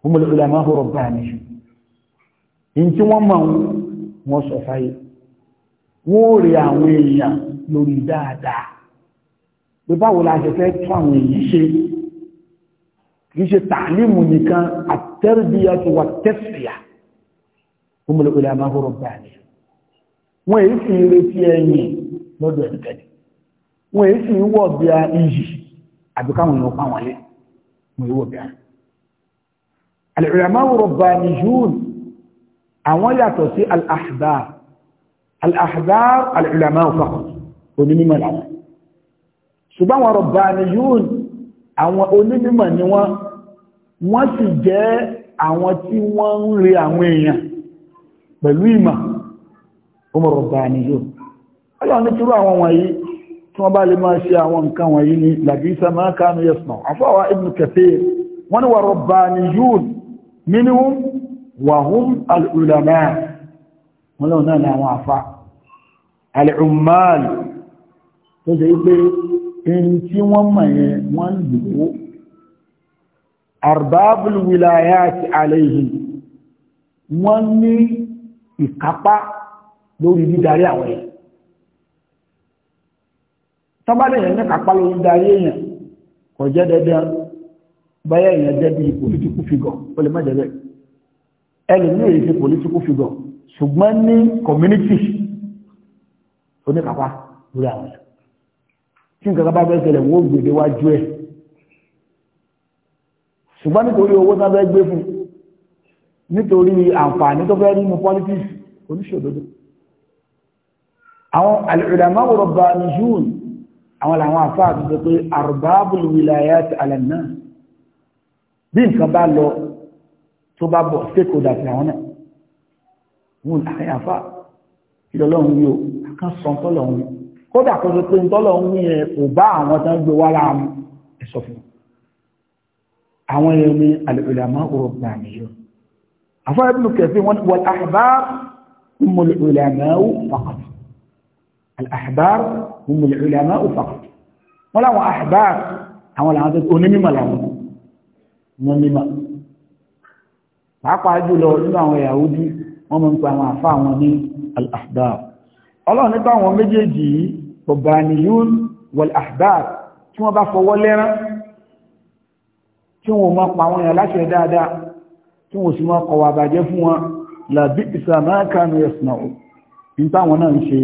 ọmọlẹ́gbẹ̀lẹ́ máa hóró bá ní ìyí tí wọ́n máa wọ́n sọ fáyé wọ́n ó rí àwọn èèyàn lórí dáadáa pé báwo la ṣe fẹ́ tún àwọn èèyàn ṣe kì í ṣe tàlímù nìkan àtẹ́rìbíyà tó wà humul ulama rabbani wọ́n èyí sì ń retí ẹ̀yìn lọ́dọ̀ ẹ̀dẹ̀kẹ́dẹ̀ wọ́n èyí sì ń wọ̀ bí a iyì àbí káwọn èèyàn pa wọn lé wọ́n èyí wọ̀ bí a. al-ulama rabbaniyun àwọn yàtọ̀ sí al-ahbar al-ahbar al-ulama faqat onímọ̀ làwọn ṣùgbọ́n àwọn rabbaniyun àwọn onímọ̀ ni wọ́n wọ́n sì jẹ́ àwọn tí wọ́n ń re àwọn èèyàn pẹ̀lú ìmà ọmọrọ̀bàníyàn ọlọ́run ní tírú àwọn wọ̀nyí tí wọ́n bá lè máa ṣe àwọn nǹkan wọ̀nyí ní làbísà máa kánú yẹ̀sùn àfọwà ibn Kathir wọ́n ni wà rọ̀bàníyàn minhum wa hum al-ulama wọ́n lọ́wọ́ náà ni ìkápá lórí dídarí àwọn èèyàn tọ́bálẹ̀ èèyàn ní kápá lórí dídarí èèyàn kò jẹ́ dandan báyẹ̀ èèyàn jẹ́ bí political figure ó lè má jẹ́ bẹ́ẹ̀ ẹlòmí èyí ṣe political figure ṣùgbọ́n ní community oníkápá lórí àwọn èèyàn tí nǹkan bá bẹ́ẹ̀ ṣẹlẹ̀ wọ́n gbèdéwájú ẹ̀ ṣùgbọ́n nítorí owó tán gbé fún nítorí àǹfààní tó fẹ́ nínú politics oníṣòdodo àwọn al-ulama ar-rabbaniyun àwọn làwọn àfá àtúntò pé arbabul wilayat ala an-nas bí nǹkan bá lọ tó bá bọ̀ stakeholder ti àwọn náà wọn láàrin àfá ìlọlọ́run yóò kán sọ tọ́lọ̀run kódà kó tó pé tọ́lọ̀run yẹ kò bá àwọn tán gbé wá láàmú ẹ̀sọ̀ fún àwọn ẹ̀mí al-ulama ar-rabbaniyun àfáà Ibn Kathir wọn wal ahbar humul ulama'u faqat al ahbar humul ulama'u faqat wọn làwọn ahbar àwọn làwọn tó onímọ̀ làwọn wọn mímọ̀ pàápàá jùlọ nínú àwọn Yahudi wọn mọ̀ ń pa àwọn àfáà wọn ní al ahbar ọlọ́run nípa àwọn méjèèjì yìí ọ̀bàníyún wal ahbar tí wọ́n bá fọwọ́ lẹ́rán tí wọ́n mọ̀ pa àwọn èèyàn láṣẹ dáadáa tí wọ́n sì máa kọwà bàjẹ́ fún wọn làbí ìsàmákàánú ẹ̀sìnà ò ní táwọn náà ń ṣe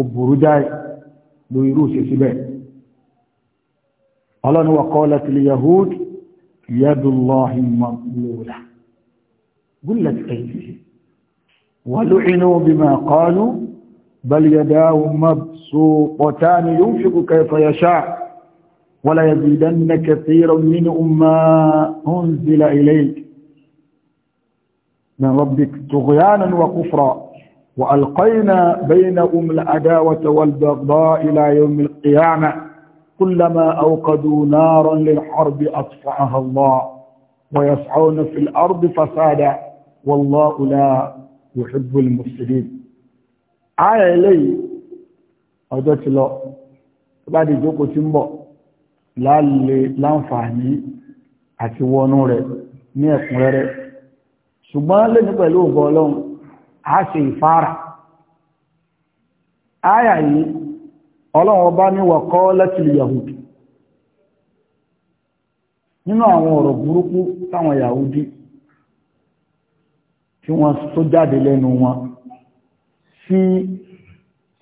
òbúrú jáì lórí irú ṣe síbẹ̀ ọlọ́ni wa qalat al-yahud yadullahi maglula gullat aydihim wa lu'inu bima qalu bal yadahu ولا يزيدن كثيرا منهم ما أنزل إليك من ربك طغيانا وكفرا وألقينا بينهم العداوة والبغضاء إلى يوم القيامة كلما أوقدوا نارا للحرب أطفأها الله ويسعون في الأرض فسادا والله لا يحب المفسدين آية إلي أدت له بعد جوكو تنبأ لالي لانفعني أتوانوري نيكمري ṣùgbọ́n lónìí pẹ̀lú ògbọ́ ọlọ́run a ṣe ìfára áyà yìí ọlọ́run ọba ní wọ̀kọ́ lẹ́tìlì yahudi nínú àwọn ọ̀rọ̀ burúkú táwọn yahudi tí wọ́n tó jáde lẹ́nu wọn sí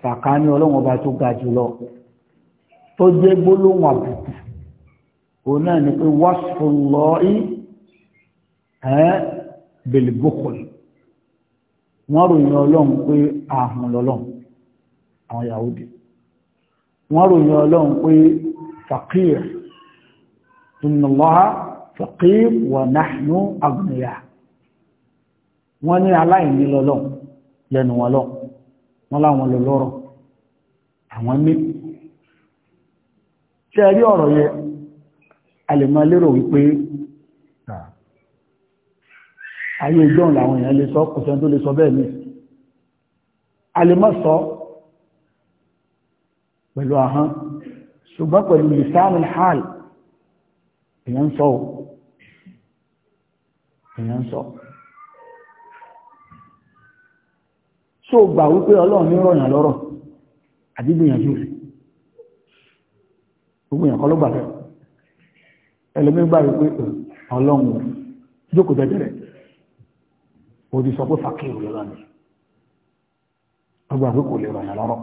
sàkání ọlọ́run ọba tó ga jùlọ tó jẹ́ gbólóhùn àbùkù òun náà ni pé wọ́sùn lọ́ọ́ bilbukul wọ́n ròyìn ọlọ́run pé ahun lọ́lọ́run àwọn yahudi wọ́n ròyìn ọlọ́run pé faqir innallaha faqir wa nahnu aghniya wọ́n ní aláìní lọ́lọ́run lẹ́nu wọn lọ wọ́n láwọn lọ lọ́rọ̀ àwọn ní ṣe rí ọ̀rọ̀ yẹ a lérò wípé ayé ìjọ́un làwọn èèyàn lè sọ kò sẹ́ni tó lè sọ bẹ́ẹ̀ ní alẹ́mọ́sọ pẹ̀lú ahán ṣùgbọ́n pẹ̀lú lisanul hal èèyàn sọ ò èèyàn sọ ṣó gbà wípé ọlọ́run ní rọ̀yàn lọ́rọ̀ àdígbìyànjú rẹ̀ gbogbo èèyàn kọ́ ló gbà bẹ́ẹ̀ ẹlẹ́mí gbà wípé ọlọ́run jókòó tẹ́tẹ́rẹ̀ ó ti sọ pé fàkíyù lọ́la ni ọgbà pé kò lè rọ̀yàn lọ́rọ̀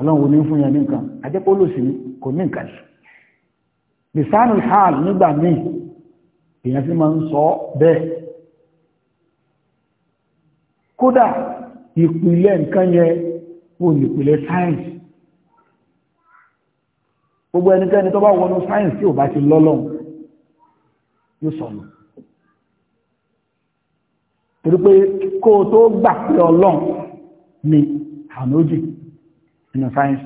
ọlọ́run ní fún yẹn ní nǹkan ajẹ́pọ̀ lòsì kò ní nǹkan sí lisanu hal nígbà míì èèyàn sì máa ń sọ bẹ́ẹ̀ kódà ìpìlẹ̀ nǹkan yẹn wò ní ìpìlẹ̀ sáyẹ̀nsì gbogbo ẹnikẹ́ni tó bá wọnú sáyẹ̀nsì tí ò bá ti lọ́lọ́run yóò sọnù torí pé kó o tó gbà pé ọlọ́run ni ànójì nínú sáyẹ́nsì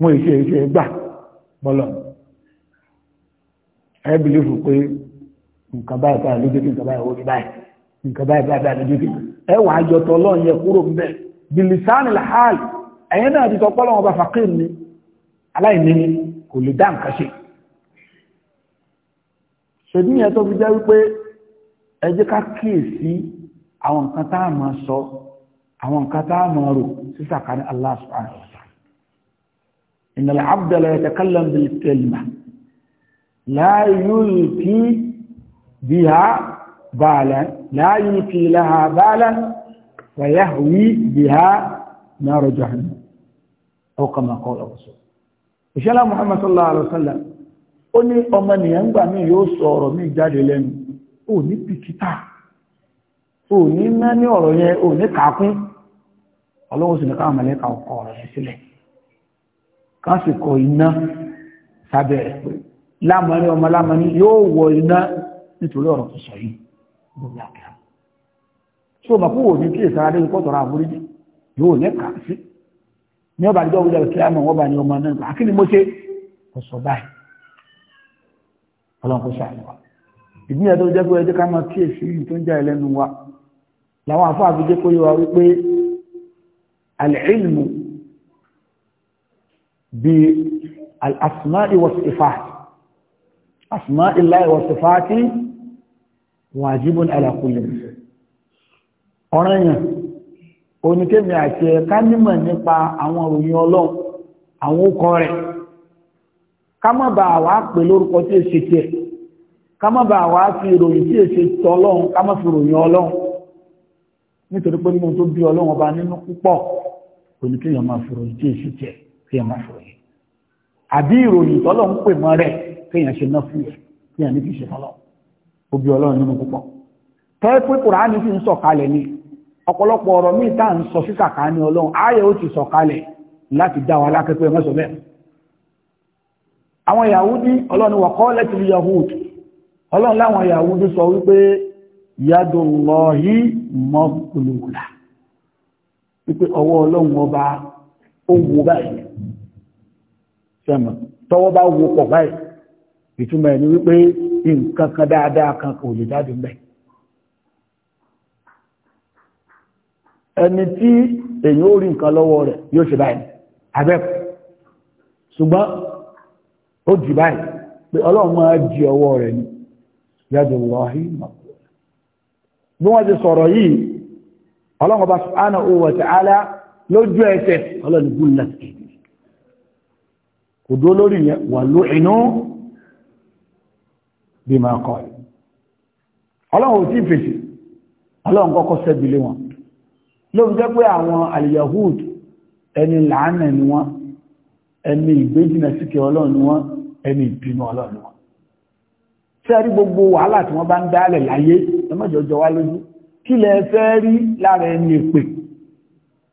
wọ́n èṣe èṣe gbà bọ́lọ̀ ẹ bìlífù pé nǹkan báyìí báyìí lójú kí nǹkan báyìí ó rí báyìí nǹkan báyìí báyìí lójú kí ẹ wà á yọtọ̀ ọlọ́run yẹ kúrò ń bẹ̀ bìlìsánì làhálì ẹ̀yẹn náà ti sọ pé ọlọ́run ọba fàkín ni aláìní ni kò lè dá nǹkan ṣe ṣèdíyẹn tó fi jẹ́ wípé ẹ jẹ́ ká kíyèsí àwọn nǹkan tá a máa sọ àwọn nǹkan tá a máa rò sí sàkání Allah subhanahu wa ta'ala innal abda la yatakallam bil kalima la yulqi biha balan la yulqi laha balan wa yahwi biha nar jahannam aw kama qala rasul inshallah muhammad sallallahu alaihi wasallam ó ní ọmọ nìyàn gbà mí yóò sọ mí jáde lẹ́nu ò ní pìkítà ò ní ná ní ọ̀rọ̀ yẹn ò ní kàákún ọlọ́wọ́ sì káwọn mẹ́lẹ́ka ọkọ̀ ọ̀rọ̀ yẹn sílẹ̀ kan iná sábẹ́ lámọ́ní ọmọ lámọ́ní yóò wọ iná nítorí ọ̀rọ̀ tó sọ yìí lórí àkẹ́rẹ́ tí ìdíyàn tó jẹ́ pé ẹjẹ́ ká máa kíyèsí yìí tó ń já ẹlẹ́nu wa làwọn àfáà fi jẹ́ kó yé wa wípé al-ilmu bi al-asma'i wa sifat asma'i Allahi wa sifati wajibun ala kulli àti ẹ̀ká nímọ̀ nípa àwọn òyìn ọlọ́run àwọn ó rẹ̀ ká má bàa wá pè lórúkọ tí èsì tiẹ̀ ká má bàa wá fi ìròyìn tí èsè tọ́ ọlọ́run ká má fi ròyìn ọlọ́run nítorí pé nínú tó bí ọlọ́run ọba nínú púpọ̀ kò ní kéèyàn máa fi ròyìn tí èsè tẹ̀ kéèyàn máa fi ròyìn àbí ìròyìn tọ́lọ́run pè mọ́ rẹ̀ kéèyàn ṣe ná fún yẹn kéèyàn ní kì ṣe fọlọ́run ó bí ọlọ́run nínú púpọ̀ tẹ́ pé kùránì fi ń sọ̀kalẹ̀ ni ọ̀pọ̀lọpọ̀ ọ̀rọ̀ míì tá à ń sọ sísàkà ní ọlọ́run ayé ó ti sọ̀kalẹ̀ láti dá wa lákẹ́kọ̀ọ́ mọ́sọ̀ bẹ́ẹ̀ àwọn Yahudi ọlọ́run wà kọ́ lẹ́tìlú Yahudi ọlọ́run láwọn ìyàwó tó sọ wípé yàdò lọ́ọ̀hí mọ́kùlùkùlà wípé ọwọ́ ọlọ́run ọba ó wo báyìí sẹ́mọ̀ tọwọ́ bá wo pọ̀ báyìí ìtumọ̀ ẹ̀ ni wípé nǹkan kan dáadáa kan kò lè jáde mbẹ̀ ẹni tí èyàn ó rí nǹkan lọ́wọ́ rẹ̀ yóò ṣe báyìí abẹ́kù ṣùgbọ́n ó jì báyìí pé ọlọ́run máa jì ọwọ́ rẹ̀ ni yàjò lọ́hí mọ̀kú bí wọ́n ti sọ̀rọ̀ yìí ọlọ́mọba sùhánà owó tààlà lójú ẹsẹ̀ ọlọ́ni gúnlẹ̀ kò dó lórí yẹn wà ló inú bí máa kọ́ ẹ̀ ọlọ́run ò tí fèsì ọlọ́run kọ́kọ́ sẹ́bìlé wọn ló ń jẹ́ pé àwọn aliyahud ẹni làánà ni wọ́n ẹni ìgbéjìnà síkẹ̀ ọlọ́run ni wọ́n ẹni ìbínú ọlọ́run ni wọ́n sẹ́rí gbogbo wàhálà tí wọ́n bá ń dálẹ̀ láyé ẹmọ́jọjọ wá lójú kí lẹ fẹ́ rí lára ẹni èpè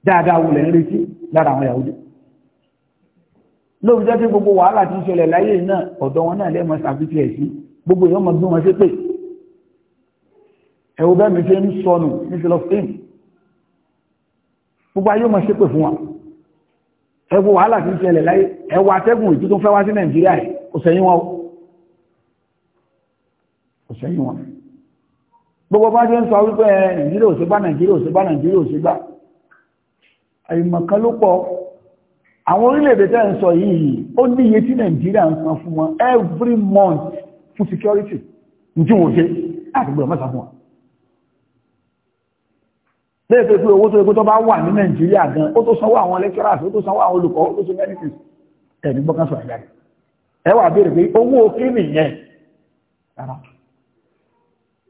dáadáa wulẹ̀ ń retí lára àwọn Yahudi lóòrùn jẹ́ pé gbogbo wàhálà tí ń ṣẹlẹ̀ láyé náà ọ̀dọ̀ wọn náà lẹ́mọ̀ sàfihàn ẹ̀ sí gbogbo èèyàn mọ̀ bí wọ́n ṣe pè ẹ̀wọ̀ bẹ́ẹ̀ mi ṣe ń sọnù ní philistine gbogbo ayé mọ̀ ṣe pè fún wa ẹ̀wọ̀ wàhálà tí ń ṣẹlẹ̀ láyé ẹ̀wọ̀ atẹ́gùn ìtútù fẹ́ wá sí Nàìjíríà ẹ̀ kò wọn o kò sẹ́yìn wọn gbogbo bá jẹ́ ń sọ wípé eh, nàìjíríà ò sí bá nàìjíríà ò sí bá nàìjíríà ò sí bá àìmọ̀kan ló pọ̀ àwọn orílẹ̀-èdè tẹ́ ń sọ yìí ó ní iye tí nàìjíríà ń san fún wọn every month fún security njí wọ́n ṣe láti gbọ́dọ̀ mẹ́ta fún wọn lẹ́yìn tó pé owó tó ẹgbẹ́ tó bá wà ní nàìjíríà gan ó tó sanwó àwọn lecturers ó tó sanwó àwọn olùkọ́ ó tó sanwó ẹni gbọ́kan sọ ẹ̀dá ẹ wà béèrè pé owó kí nìyẹn rárá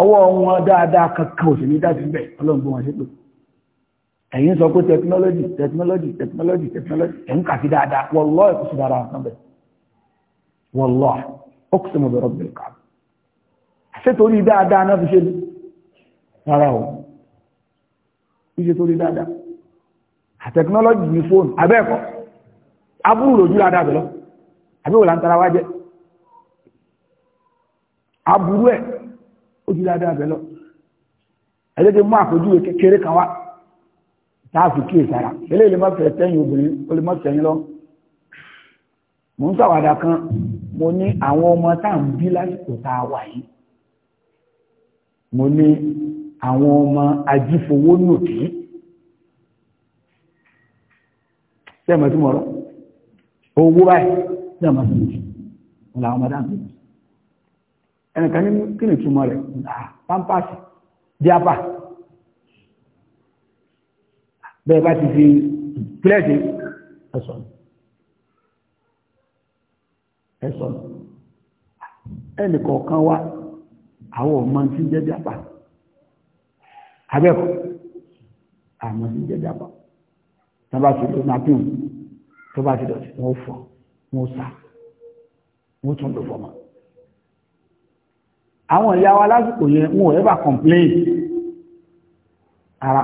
ọwọ́ wọn dáadáa kankan ò sì ní dájú bẹ́ẹ̀ ọlọ́run bó wọn ṣe pé ẹ̀yin sọ pé technology technology technology technology ẹ̀yin kà sí dáadáa wallahi ẹ̀kọ́ sí dára ọ̀sán bẹ́ẹ̀ wallahi ọkọ̀ sí mo bẹ̀rọ̀ bẹ̀rẹ̀ kà ṣé torí dáadáa náà fi ṣe rárá o fi ṣe torí dáadáa à technology ní fóònù abẹ́ẹ̀kọ́ aburú lòjú dáadáa bẹ̀ ó ti dáadáa bẹ̀ lọ ẹ̀jẹ̀ mú àpèjúwe kékeré kan wá táàfù kí ìsára eléyìí lè má fẹ́ tẹ́yìn obìnrin ó lè má tẹ́yìn lọ mo ń sàwádà kan mo ní àwọn ọmọ tá à ń bí lásìkò tá a wà yìí mo ní àwọn ọmọ ajífowó nòdì sẹ́ẹ̀mọ̀ tí mo rọ owó báyìí sẹ́ẹ̀mọ̀ tí mo rọ làwọn ọmọ dáhùn ẹnìkan ní kí ni túmọ̀ rẹ̀ ah, pampasi diapa bẹ́ẹ̀ bá ti fi pílẹ̀tì ẹ̀sọ̀ ẹ̀sọ̀ ẹnìkọ̀ọ̀kan wá àwọn ọmọ tí ń jẹ́ diapa abẹ́kọ̀ àmọ́ tí ń jẹ́ diapa tó bá ti lónà pín tó bá ti dọ̀tí wọ́n fọ́ wọ́n sá wọ́n tún lò fọ́mọ́ àwọn ìyá wa lásìkò yẹn wọn ò ẹ́bà complain ara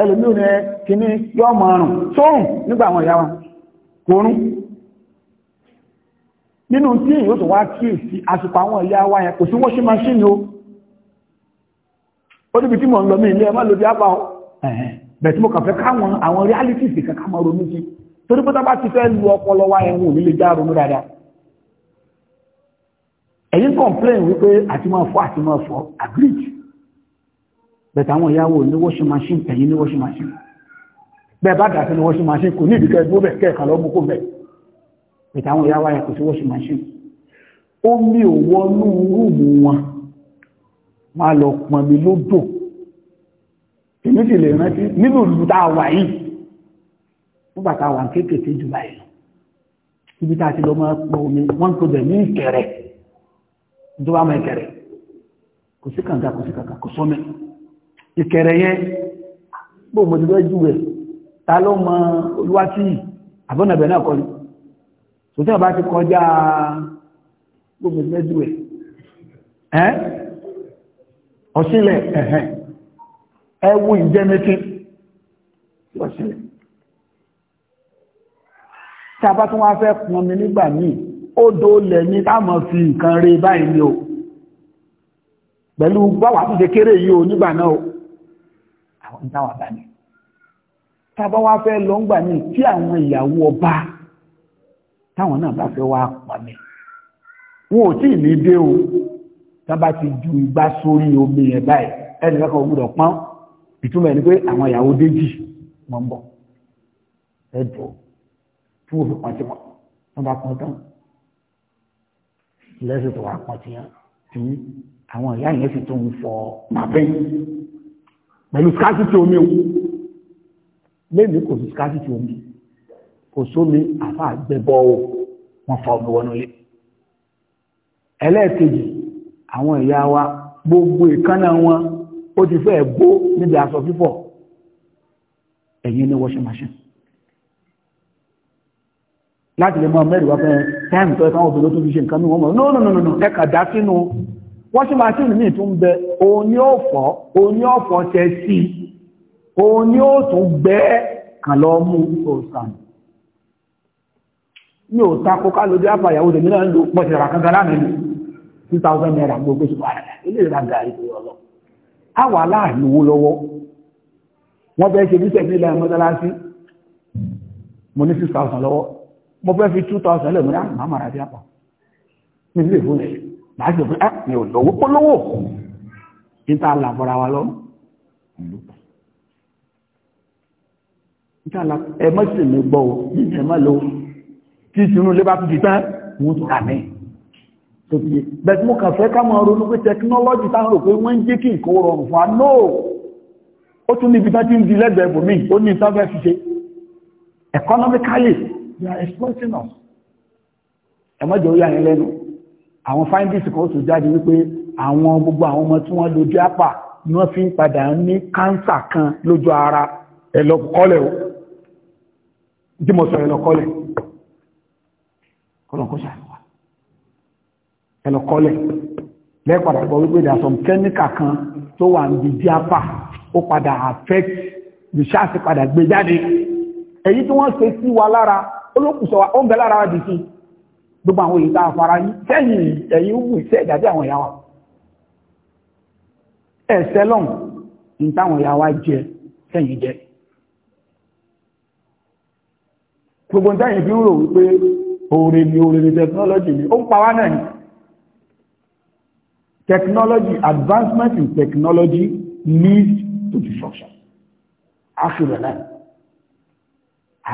ẹlòmí ò ní kíní yọ ọmọ ọrùn sóhùn nígbà àwọn ìyá wa kòrún nínú tí yóò tó wá kíyèsí àsìkò àwọn ìyá wa yẹn kò sí washing machine o ó níbi tí mò ń lọ mí ilé ẹ lóbi ápá bẹ̀tí mo kàn fẹ́ káwọn àwọn realities kankan máa ronú sí torí pé tá bá ti fẹ́ lu ọpọlọ wa yẹn wọn lè já ronú dáadáa ẹ̀yin complain wípé àti máa fọ́ àti máa fọ́ agreed bẹ̀t àwọn ìyàwó ní washing machine ẹ̀yin ní washing machine bẹ́ẹ̀ bá dàtí ní washing machine kò ní ìdíkẹ́ ìgbó bẹ̀ kẹ́ẹ̀kà lọ́mú kó bẹ̀ bẹ̀t àwọn ìyàwó ayẹ kò sí washing machine omi ò wọnú rúùmù wọn máa lọ pọnmi lódò èmi sì lè rántí nínú ìlú tá a wà yìí nígbà tá a wà kéékèèké jù báyìí ibi tá a ti lọ máa pọ omi wọ́n ń tó ní ìkẹrẹ̀ nítorí wàá mọ ìkẹrẹ kò sí kànga kò sí kànga kò sọmi ìkẹrẹ yẹn bó mo ti fẹ́ jù rẹ̀ ta ló mọ olúwátì àbọ̀nàbẹ̀ náà kọ́ ni sòtẹ́ ọba ti kọjá bó mo ti fẹ́ jù rẹ̀ ẹ́ ọ̀sílẹ̀ ẹ̀hẹ́n ẹ wo ìjẹ́mẹ́tí ọ̀sílẹ̀ tí odò lẹ̀ ní táàmọ̀ fi nǹkan rẹ báyìí ni o pẹ̀lú báwà tó ṣe kéré yìí o nígbà náà o àwọn ìtawà bá ní tàbá wá fẹ́ lọ ń gbà ní tí àwọn ìyàwó ọba táwọn náà bá fẹ́ wá pàmì wọn ò tí ì ní dé o tàbá ti ju igbá sórí omi yẹn báyìí ẹni kẹ́kọ̀ọ́ gbọ́dọ̀ pọ́n ìtumọ̀ ẹni pé àwọn ìyàwó déjì wọ́n ń bọ̀ ẹ̀dọ̀ tí wọ́n fi pọ́n bá pọ́n tán lẹ́sìn tó wà pọ̀ tí yẹn tí àwọn ìyá yẹn sì tó ń fọ màbẹ́ pẹ̀lú scarcity omi o lẹ́nu kò sí scarcity omi kò sómi àfa àgbẹ̀bọ o wọ́n fa omi wọnú lé ẹlẹ́ẹ̀kejì àwọn ìyá wa gbogbo ìkánná wọn ó ti fẹ́ bó níbi aṣọ fífọ̀ ẹ̀yìn ní washing machine láti lè máa mẹ́rin wá fẹ́ táìmù tó ẹ̀káwọn obìnrin tó fi ṣe nǹkan ní wọ́n mọ̀ no no no no ẹ̀kà dá sínú wọ́n sí máa sínú ní ìtún bẹ oní ọ̀fọ́ oní ọ̀fọ́ tẹ sí oní òtún gbẹ́ kàn lọ mú òsàn ní òta kó ká lójú àpá ìyàwó tèmi náà ń lo pọ̀sẹ̀ rà kankan láàrin ní two thousand naira gbogbo ṣùgbọ́n àrẹ̀ ilé ìlà gàrí tó yọ lọ àwà láàrin owó lọ́wọ́ wọ́n fẹ́ ṣe bí sẹ́mi ilẹ̀ mọ́tálásí mo ní six lọ́wọ́ mo fẹ́ fi 2000 lẹ́mú náà máa mara bí apá ah, ní ilé ìfúnlẹ̀ máa ṣe fún ẹ́ olówó polówó níta làbọ̀ra wa lọ ẹ mọ́ sí mi gbọ́ o yìí ẹ mọ́ lo tí tinú lé bá fi tán wọ́n tó rà mí tó fi bẹ́ẹ̀ mo kàn fẹ́ ká máa ronú pé tẹkinọ́lọ́jì táwọn rò pé wọ́n ń jẹ́ kí nǹkan rọrùn fún wa náà ó tún níbi tá ti ń di lẹ́gbẹ̀ẹ́ bòmíì ó ní ìtọ́fẹ́ fi ṣe economically they are exploiting us ẹ̀mọ́jọ ó yà yín lẹ́nu àwọn findings kan tó jáde wípé àwọn gbogbo àwọn ọmọ tí wọ́n lo jápa ni wọ́n fi ń padà ní kánsà kan lójú ara ẹ̀lọ́kọ́lẹ̀ o tí mo sọ ẹ̀lọ́kọ́lẹ̀ kọ́lọ̀kọ́sà wà ẹ̀lọ́kọ́lẹ̀ lẹ́pàdà gbọ́ wípé there are some chemical kan tó wà ní jápa ó padà affect the ṣáàsì padà gbé jáde èyí tí wọ́n ṣe sí wa lára olókùsọ wa ó ń bẹ lára wa dìtì gbogbo àwọn èyí tá a fara yín sẹ́yìn ẹ̀yìn wù iṣẹ́ ìdájẹ́ àwọn ìyá wa ẹ̀ṣẹ́ lọ́n ní táwọn ìyá wa jẹ sẹ́yìn jẹ gbogbo táyìn fi ń rò wípé oore ni oore ni technology ni ó ń pa wá náà ni technology advancement in technology leads to destruction. Àṣìrẹ̀ náà.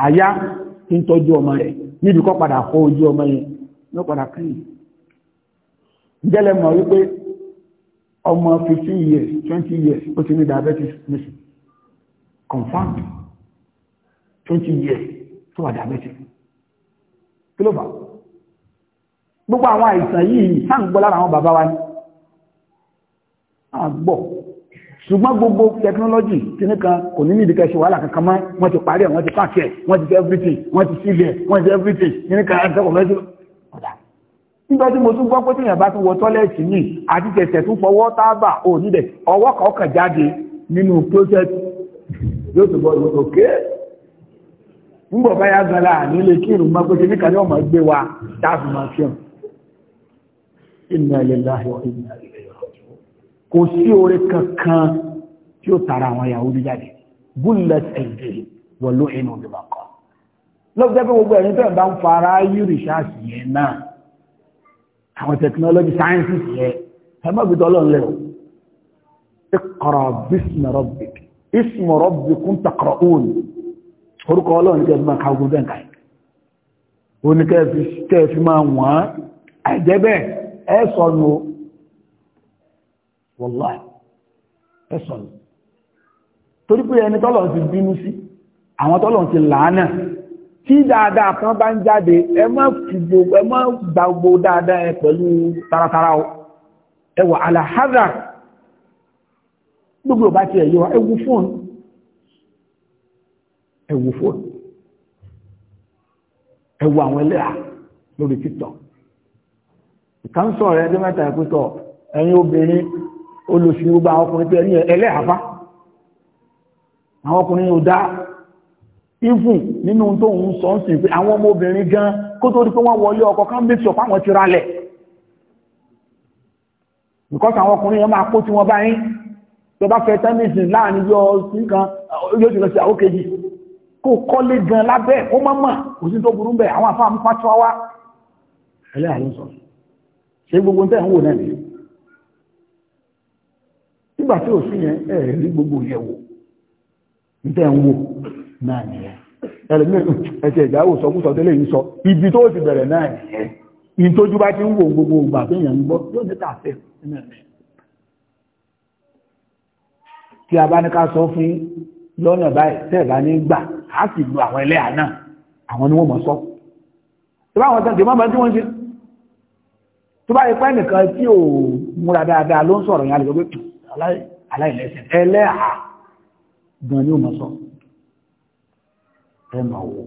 Àyá tí ń tọ́jú ọmọ rẹ̀ níbi kọ́ padà fọ́ ojú ọmọ yẹn ló padà kírì jẹ́lẹ̀ mọ̀ wípé ọmọ 15 years 20 years ó ti ní diabetes nation confirmed 20 years tó wà diabetes kí ló fà gbogbo àwọn àìsàn yìí sáà ń gbọ́ lára àwọn bàbá wa ni àgbọ̀ ṣùgbọ́n gbogbo technology kìíní kan kò ní nídìí kẹṣù wàhálà kankan mọ́ wọ́n ti parí ẹ̀ wọ́n ti pàṣẹ wọ́n ti ṣe everything wọ́n ti sílẹ̀ wọ́n ti everything kìíní kan ẹ̀ sẹ́kọ̀ọ́ mẹ́sì ọ̀dà. nígbà tí mo tún gbọ́ pé tíyẹn bá tún wọ tọ́lẹ̀tì ní àti tẹ̀sẹ̀ tún fọwọ́ tábà ò níbẹ̀ ọwọ́ kan kàn jáde nínú closet yóò tún bọ́ ìwé òkè. ń bọ̀ báyà gan la àní lè kí ìrùn mọ́gbé kíní kan ní ọmọ gbé wa táàbù máa fi hàn. inna lillahi wa inna ilayhi kò sí oore kankan tí ó tara àwọn Yahudi jáde bullet ẹ̀jẹ̀ wọ̀ ló inú ìjọba kan lọ́pọ̀ pé gbogbo ẹ̀rin tẹ́ẹ̀ bá ń fara yìí ṣáàṣì yẹn náà àwọn technology sciences yẹn ẹ má gbẹdọ̀ ọlọ́run lẹ́wọ̀ iqra bismi rabbik ismi rabbikum taqra'un orúkọ ọlọ́run tẹ́ẹ̀ máa ka gbogbo ẹ̀ka yìí oníkẹ́ẹ̀fì máa wọ́n àìjẹ́bẹ̀ ẹ̀ sọnù wọ́láì ẹ̀sọ̀ ni torí pé ẹni tọ́lọ̀ ti bínú sí àwọn tọ́lọ̀ ti làánà tí dáadáa kan bá ń jáde ẹ má fìgbò ẹ má gbàgbó dáadáa ẹ pẹ̀lú taratara o ẹ wà àlàhádà gbogbo ọba ti ẹ̀yọ ẹ wo fóònù ẹ wo fóònù ẹ wo àwọn ẹlẹ́à lórí TikTok ìkànsọ̀ rẹ̀ ẹdí mẹ́ta ẹ̀kútọ̀ ẹ̀yin obìnrin olóṣù gbogbo àwọn ọkùnrin tẹ́ ní ẹlẹ́hàfá àwọn ọkùnrin ò dá ìfún nínú tó ń sọ ń sìn pé àwọn ọmọbìnrin gan kó tó rí pé wọ́n wọlé ọkọ ká mẹ́sì ọ̀pá wọn ti ralẹ̀ because àwọn ọkùnrin yẹn máa kó tí wọ́n bá yín tó bá fẹ́ tẹ́mìsì láàrin yọ sí kan yóò ti lọ sí àwọn kejì kó kọ́lé gan lábẹ́ ó mọ́ mọ́ kò sí tó burú bẹ́ẹ̀ àwọn afáàmú pátá wá ẹlẹ́hàá ló sọ ṣé gbogbo ń tẹ̀ ń wò náà nìyí nígbà tí ò sí yẹn ẹ̀ rí gbogbo yẹ̀wò ìtẹ́ ń wò náà nìyẹn ẹlẹ́mẹ́ ẹ̀tẹ̀ ìjáwò sọkúsọ tẹ́lẹ̀ yìí sọ ibi tó ti bẹ̀rẹ̀ náà nìyẹn in tójú bá ti ń wò gbogbo ìgbà tó yẹn ń gbọ́ yóò ní tàfẹ́ tí a bá ní ká sọ fún lọ́nà báyìí tẹ́ẹ̀ bá ní gbà á sì lu àwọn ẹlẹ́à náà àwọn ni wọ́n mọ̀ sọ tí báwọn tẹ́ mọ́ tí wọ́n ṣe tó bá ipá ẹnìkan tí ò múra dáadáa ló ń sọ̀rọ̀ yẹn àlejò pé aláìlẹ́sẹ̀ ẹlẹ́à gan ni ó mọ̀ sọ ẹmà wo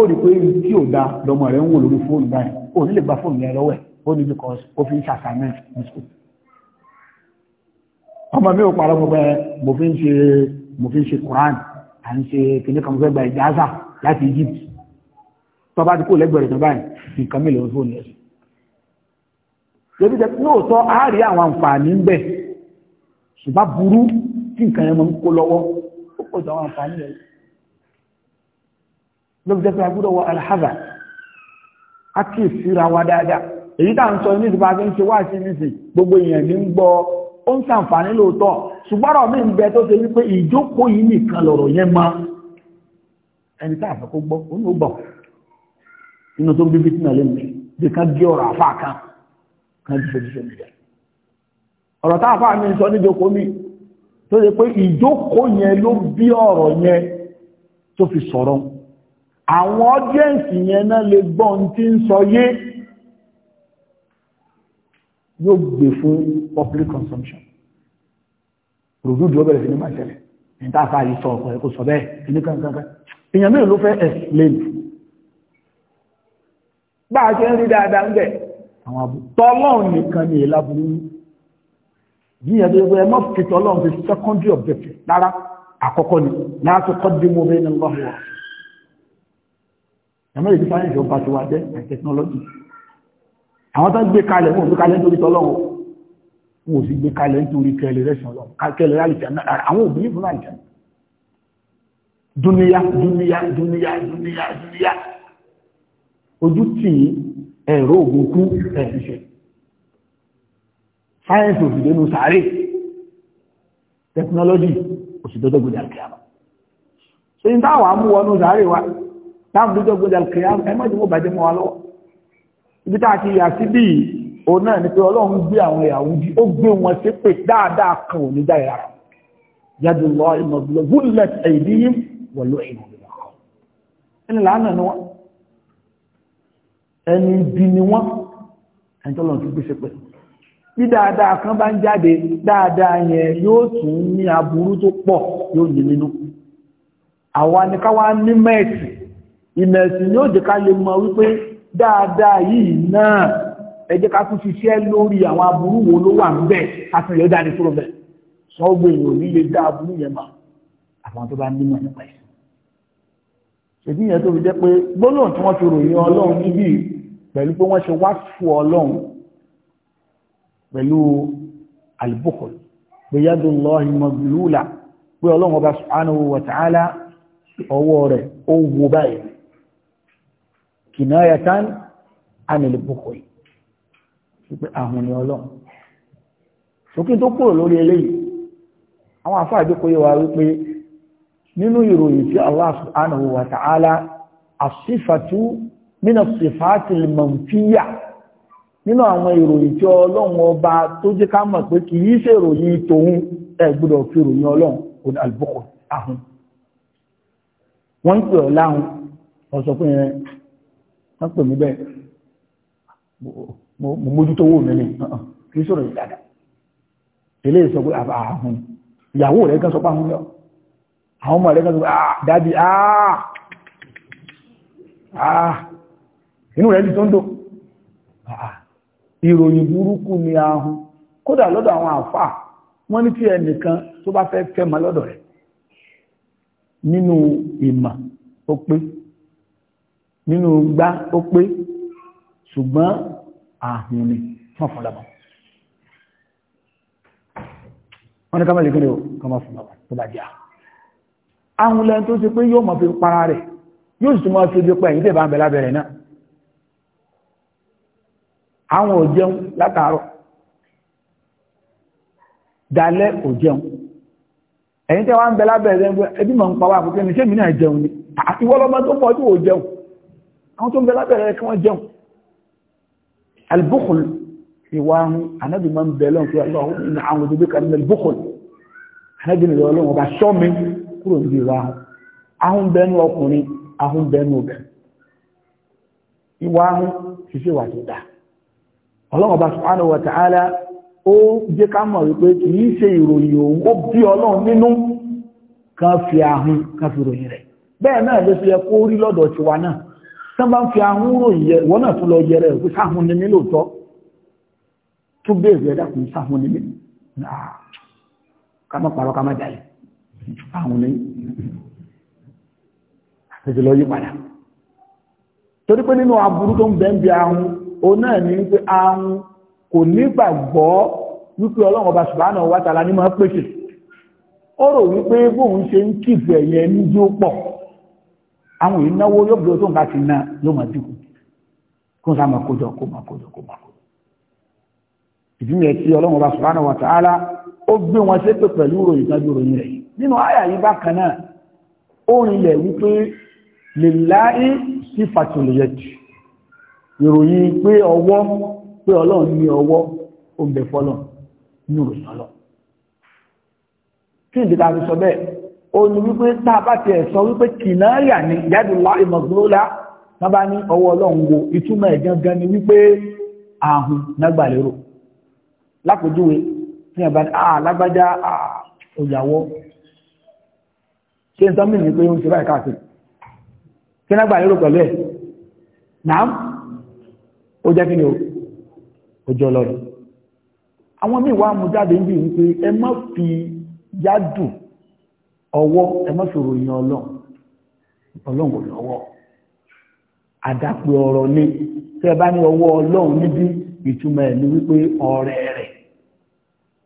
ó rí pé tí ò dá lọmọ rẹ̀ ń wò lórí fóònù báyìí ó nílè gba fóònù yẹn lọ́wọ́ ẹ̀ ó ní because ó fi ń ṣàṣàmẹ́ntì ní school ọmọ mi ò parọ́ mọ́ pé mo fi ń ṣe mo fi ń ṣe Quran à ń ṣe kìnnì kan fẹ́ gba ìjáza láti Egypt tọ́ba ti kó lẹ́gbẹ̀rẹ̀ tó báyìí nǹkan mélòó fóònù ẹ̀sìn lórí jẹ́ lóòótọ́ àárí àwọn àǹfààní ń bẹ ṣùgbọ́n burú tí nǹkan ẹmọ ń kó lọ́wọ́ ó pọ̀ jù àwọn àǹfààní rẹ̀ lórí jẹ́ pé agbúdọ̀ wọ alhaza a kì í síra wa dáadáa èyí tá ń sọ ní ìdìbò afi ń ṣe wá sí nísìn gbogbo èèyàn ní ń gbọ́ ó ẹni tá kó gbọ́ ó inú tó ń bíbí sínú ẹ̀ lé mi bí ká gé ọ̀rọ̀ àfáà kan kan ti fojú sómi jẹ ọ̀rọ̀ táà fáà mi sọ níjókòó mi tó ṣe pé ìjókòó yẹn ló bí ọ̀rọ̀ yẹn tó fi sọ̀rọ̀ àwọn ọ́díẹ̀nsì yẹn náà lè gbọ́ tí ń sọ yé yóò gbé fún public consumption ròdúdú ọbẹ̀rẹ̀ sí ní máa ṣẹlẹ̀ ní tàfà yìí sọ ọ̀pọ̀ ẹ̀kọ́ sọ bẹ́ẹ̀ àwọn abu tọ́lọ́run nìkan ni èlà burú yíyan tó yẹ mọ́ fi tọ́lọ́run fi secondary objective rárá àkọ́kọ́ ni láti kọ́dí mo bẹ́ẹ̀ ní lọ́wọ́ ẹ̀mọ́ ìdí sáyẹ̀nsì ọba ti wá jẹ́ and technology àwọn tó ń gbé kalẹ̀ wọn ò gbé kalẹ̀ nítorí tọ́lọ́run wọn ò sì gbé kalẹ̀ nítorí kẹlẹ̀ rẹ̀sìn ọlọ́run kẹlẹ̀ rálìtì àwọn òbí fún àìjà dúníyà dúníyà ẹ̀rọ ògùn kú ẹ̀ṣẹ̀ sáyẹ́nsì òsìdénú sàárè tẹkinọ́lọ́jì òsìdójọ́gbòdì alkiyama so yí táwà mú wọnú sàárè wa táàmùdójọ́gbòdì alkiyama ẹmọ́dé mọ́ bàjẹ́ mọ́ wa lọ́wọ́ ibi táà ti yà sí bíi òun náà ni pé ọlọ́run gbé àwọn ìyàwó jí ó gbé wọn sí pé dáadáa kan ò ní dá ìlara yàdùn lọ ìmọ̀gbọ̀lọ̀ gúnlẹ̀ ẹ̀dí wọ̀lọ́ ìmọ̀gbọ̀lọ̀ ẹni bí ni wọ́n ẹni tọ́lọ̀ fi gbéṣẹ́ pẹ̀ bí dáadáa kan bá ń jáde dáadáa yẹn yóò tún ní aburú tó pọ̀ yóò ní nínú jẹ́ ká lè wípé yìí náà ká tún lórí àwọn aburú wo ló wà ń bẹ̀ àti dáadé tó bẹ̀ sọ́gbọ̀ èèyàn ní lè dá aburú yẹn mà àwọn tó bá nímọ̀ nípa ṣèdí yẹn wọ́n ti ròyìn ọlọ́run pẹ̀lú pé wọ́n ṣe wá fún ọlọ́run pẹ̀lú albukul pé yádò lọ́hì mọ̀gbìlúlà pé ọlọ́run ọba subhanahu wa ta'ala ọwọ́ rẹ̀ ó wo báyìí kinayatan anil bukul pé ahun ni ọlọ́run sókè tó kúrò lórí eléyìí àwọn àfáàdé kò yẹ wa wípé nínú ìròyìn tí Allah subhanahu wa ta'ala asífàtú nínú sèfáàtì mọ̀nfíyà nínú àwọn ìròyìn tí ọlọ́run ọba tó jẹ́ ká mọ̀ pé kì í ṣe ìròyìn tòun ẹ gbọ́dọ̀ fi ìròyìn ọlọ́run òní àlùbọ́kọ̀ ahun wọ́n ń pè ọ́ láhun ọ̀sọ̀ pé yẹn wọ́n pè mí bẹ́ẹ̀ mo mójútó owó mi ni uh-uh, kì í sọ̀rọ̀ ìdàdà eléyìí sọ pé ah, ah, ahun ìyàwó rẹ̀ kan sọ pé ahun yọ àwọn ọmọ rẹ̀ kan sọ pé ah dàbí ah ah inú rẹ̀ tó ń dò ìròyìn burúkú ni ahun kódà lọ́dọ̀ àwọn àfà wọ́n ní tí ẹnìkan tó bá fẹ́ fẹ́ ma lọ́dọ̀ rẹ̀ nínú ìmọ̀ ó pé nínú gbá ó pé ṣùgbọ́n ahun ni wọ́n fún lábọ̀ wọ́n ní ká mẹ́lẹ̀ kílẹ̀ kọ́ mọ́ fún lábọ̀ tó bá jẹ́ ahun lẹ́n tó ti pé yóò mọ̀ fi para rẹ̀ yóò sì tún fi bí pa ẹ̀yìn tẹ̀ náà àwọn ò jẹun látàárọ̀ dalẹ́ ò jẹun ẹ̀yin tẹ́ wá ń bẹ lábẹ́rẹ́ ẹbí mọ̀ ń pa wá àpótẹ́ ní ṣé mi náà jẹun ni àti wọ́lọ́mọ tó pọ̀ tí ò jẹun àwọn tó ń bẹ lábẹ́rẹ́ kí wọ́n jẹun albukul ìwà ahun anábì máa ń bẹ lọ́n wà tó dáa ọlọ́run ọba subhanahu wa ta'ala ó jẹ́ ká mọ̀ wípé kì í ṣe ìròyìn òun ó bí ọlọ́run nínú kan fi ahun kan fi ròyìn rẹ̀ bẹ́ẹ̀ náà ló fi yẹ tiwa náà tán bá ń fi ahun ròyìn yẹ náà tún lọ yẹrẹ sáhun ni mí lóòótọ́ tún ẹ̀dá sáhun ni mí ká má parọ́ ká má ahun o náà ní wípé ahun kò nígbàgbọ́ wípé ọlọ́run ọba subhanahu wa ta'ala ní máa pèsè ó rò wípé bóun ṣe ń kìfì ẹ̀yẹ ní jí ó pọ̀ àwọn ìnáwó yóò bí o tó ń bá ti ná yóò máa dínkù kó ń sá máa kójọ kó máa kójọ kó máa kójọ ìdí ni ẹtí ọlọ́run ọba subhanahu wa ta'ala ó gbé wọn ṣépè pẹ̀lú ròyìn tájú ròyìn rẹ̀ nínú àyà yìí bákan náà ó rinlẹ̀ wípé lillahi sifatul yadi ìròyìn pé ọwọ́ pé ọlọ́run ní ọwọ́ ó ń bẹ fọ́lọ̀ ní ìròyìn ọlọ́ kí ìdíta fi sọ bẹ́ẹ̀ ó ní wípé tá a bá ti ẹ̀ wípé kìnnáyà ni yadula ìmọ̀gbólólá tá bá ní ọwọ́ ọlọ́run wo ìtumọ̀ ẹ̀ gangan ni wípé ahun lágbàlérò lápòjúwe ní ẹ̀bá ní àà lágbájá àà ah, òyàwó ṣe ń tọ́mìnì pé ó ń ṣe báyìí káàkiri kí lágbàlérò pẹ̀lú ẹ̀ náà ó jẹ́ kí ni ó jọ lọ́rọ̀ àwọn míì wá mú jáde níbi wípé ẹ má fi yádùn ọwọ́ ẹ má fi ròyìn ọlọ́run ọlọ́run kò lọ́wọ́ àdàpè ọ̀rọ̀ ni tí ẹ bá ní ọwọ́ ọlọ́run níbi ìtumọ̀ ẹ̀ ni wípé ọ̀rẹ́ rẹ̀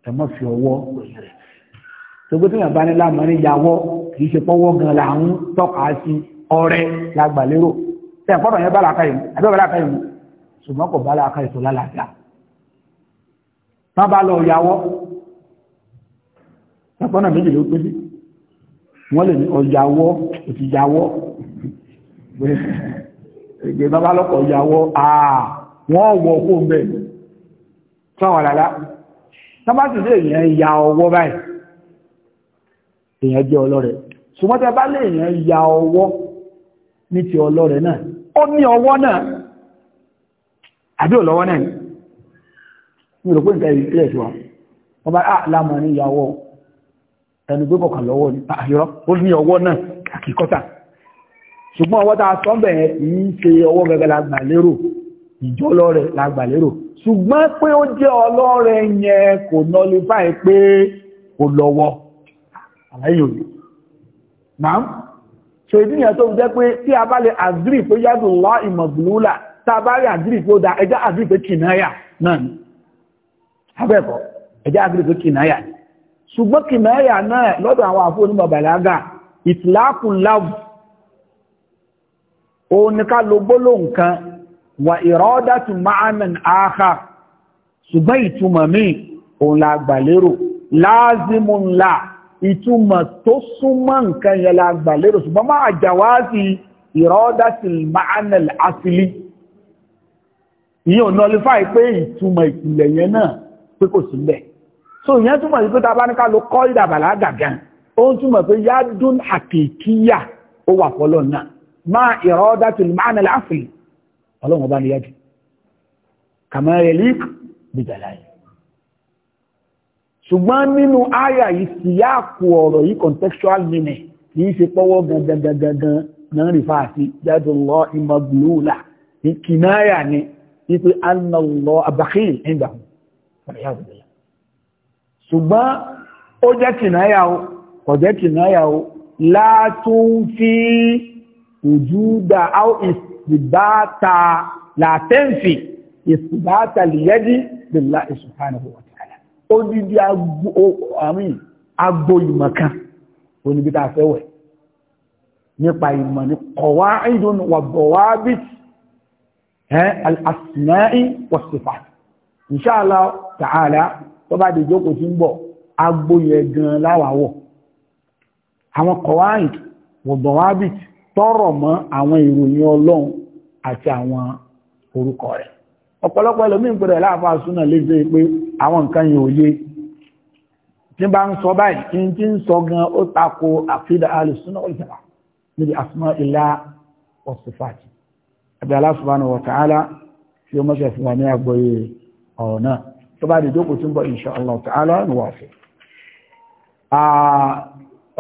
ẹ má fi ọwọ́ ròyìn rẹ̀ sọgbọ́n tí wọ́n bá ní láàmú ní yàwọ́ kì í ṣe pọ́wọ́ gan là ń tọ́ka sí ọ̀rẹ́ lágbàlérò tẹ̀ fọ́tọ̀ yẹn bá làákàyè mú àbẹ́ bá mú ṣùgbọ́n kò bá láàká ètò lálàáfíà tán bá lọ yàwọ́ ẹ̀pọ́nà méjì ló pèsè wọ́n lè ní ọjàwọ́ òtìjàwọ́ ẹgbẹ́ bábá lọ́pọ̀ ọjàwọ́ àà wọ́n wọ kó ń bẹ̀ sọ́wọ́n lára tán bá sì lè yẹn ya ọwọ́ báyìí èèyàn jẹ́ ọlọ́rẹ̀ ṣùgbọ́n tẹ bá lè yẹn ya ọwọ́ ní ti ọlọ́rẹ̀ náà ó ní ọwọ́ náà àbí òlọ́wọ́ náà ní ìròpé nǹkan ìpínlẹ̀ tí wọ́n wọ́n bá ah, láàmù ní ìyàwó ẹni gbé kọ̀kan lọ́wọ́ ní àyọ́ ah, ó ní ọwọ́ náà àkíkọ́ta ṣùgbọ́n ọwọ́ tàà sọ́bẹ̀ yìí ṣe ọwọ́ gẹ́gẹ́ lágbàlérò ìjọlọ rẹ̀ lágbàlérò ṣùgbọ́n pé ó jẹ́ ọlọ́rẹ̀ yẹn kò nọlifáì pé kò lọ́wọ́ àlàyé òní màá ṣe ìdíyàn tó jẹ́ pé tí a bá lè agree pé yàtọ̀ lọ́ ìmọ̀gbìlúlà tàbárí àdírí pé ó dá ẹjá àdírí pé kìnnáyà náà ni abẹ́ẹ̀kọ́ ẹjá àdírí pé kìnnáyà ni ṣùgbọ́n kìnnáyà náà lọ́dọ̀ àwọn àfó onímọ̀ bàlágà ìtìláàkùn láàbù òun ni ká lo gbólóhùn kan wà ìrọ́dá tù máàmìn áhà ṣùgbọ́n ìtumọ̀ míì òun la ìyẹn ò nọlifáì pé ìtumọ̀ ìpìlẹ̀ yẹn náà pé kò sí bẹ́ẹ̀ so ìyẹn túmọ̀ sí pé ta bá ní ká lo kọ́ ìdàbàlá gàgán ó ń túmọ̀ pé yádùn àkèkíyà ó wà fọlọ́ náà máa ìrọ́dá tó lè máa nà láàfin ọlọ́run ọba ni yádùn kàmọ́ relic bìjàlá yìí ṣùgbọ́n nínú àyà yìí sì yá àpò ọ̀rọ̀ yìí contextual meaning kì í ṣe pọ́wọ́ gangan gangan náà rí fáàsì yádùn lọ ìmọ̀gbìlúùlà ìkìnnáyà ni wípé annalọ abakil ẹgbà ṣùgbọ́n ó jẹ́ kìnnáyàwó kò jẹ́ kìnnáyàwó látún fi òjúdà áwọ̀ ìsìbáta látẹ́ǹfì ìsìbáta lìyẹ́dí bílá subhanahu wa ta'ala ó dídí agbó ìmọ̀kan oníbítà fẹ́wẹ̀ nípa ìmọ̀ ní kọ̀wá ìdún wà bíi al-asma'i was-sifat insha Allah ta'ala tó bá di jókòó tí ń bọ̀ agbóyẹ gan láwàwọ̀ àwọn kọ̀wáìd wọ̀dọ̀wábìt tọ́rọ̀ mọ́ àwọn ìròyìn ọlọ́run àti àwọn orúkọ rẹ̀ ọ̀pọ̀lọpọ̀ ẹlòmí ìpẹ̀rẹ̀ láàfáà súnà lè pé àwọn nǹkan yìí ò yé tí bá ń sọ báyìí tí ń sọ gan ó tako àfídà alùsúnà ọ̀jàlá níbi asma ìlà ọ̀sùfàtì àbí Allah subhanahu wa ta'ala tí ó mọ́ṣẹ̀ fún wa ní àgbọ́yé ọ̀rọ̀ náà tó bá di dókò tí ń bọ̀ insha Allah ta'ala ní wà fẹ́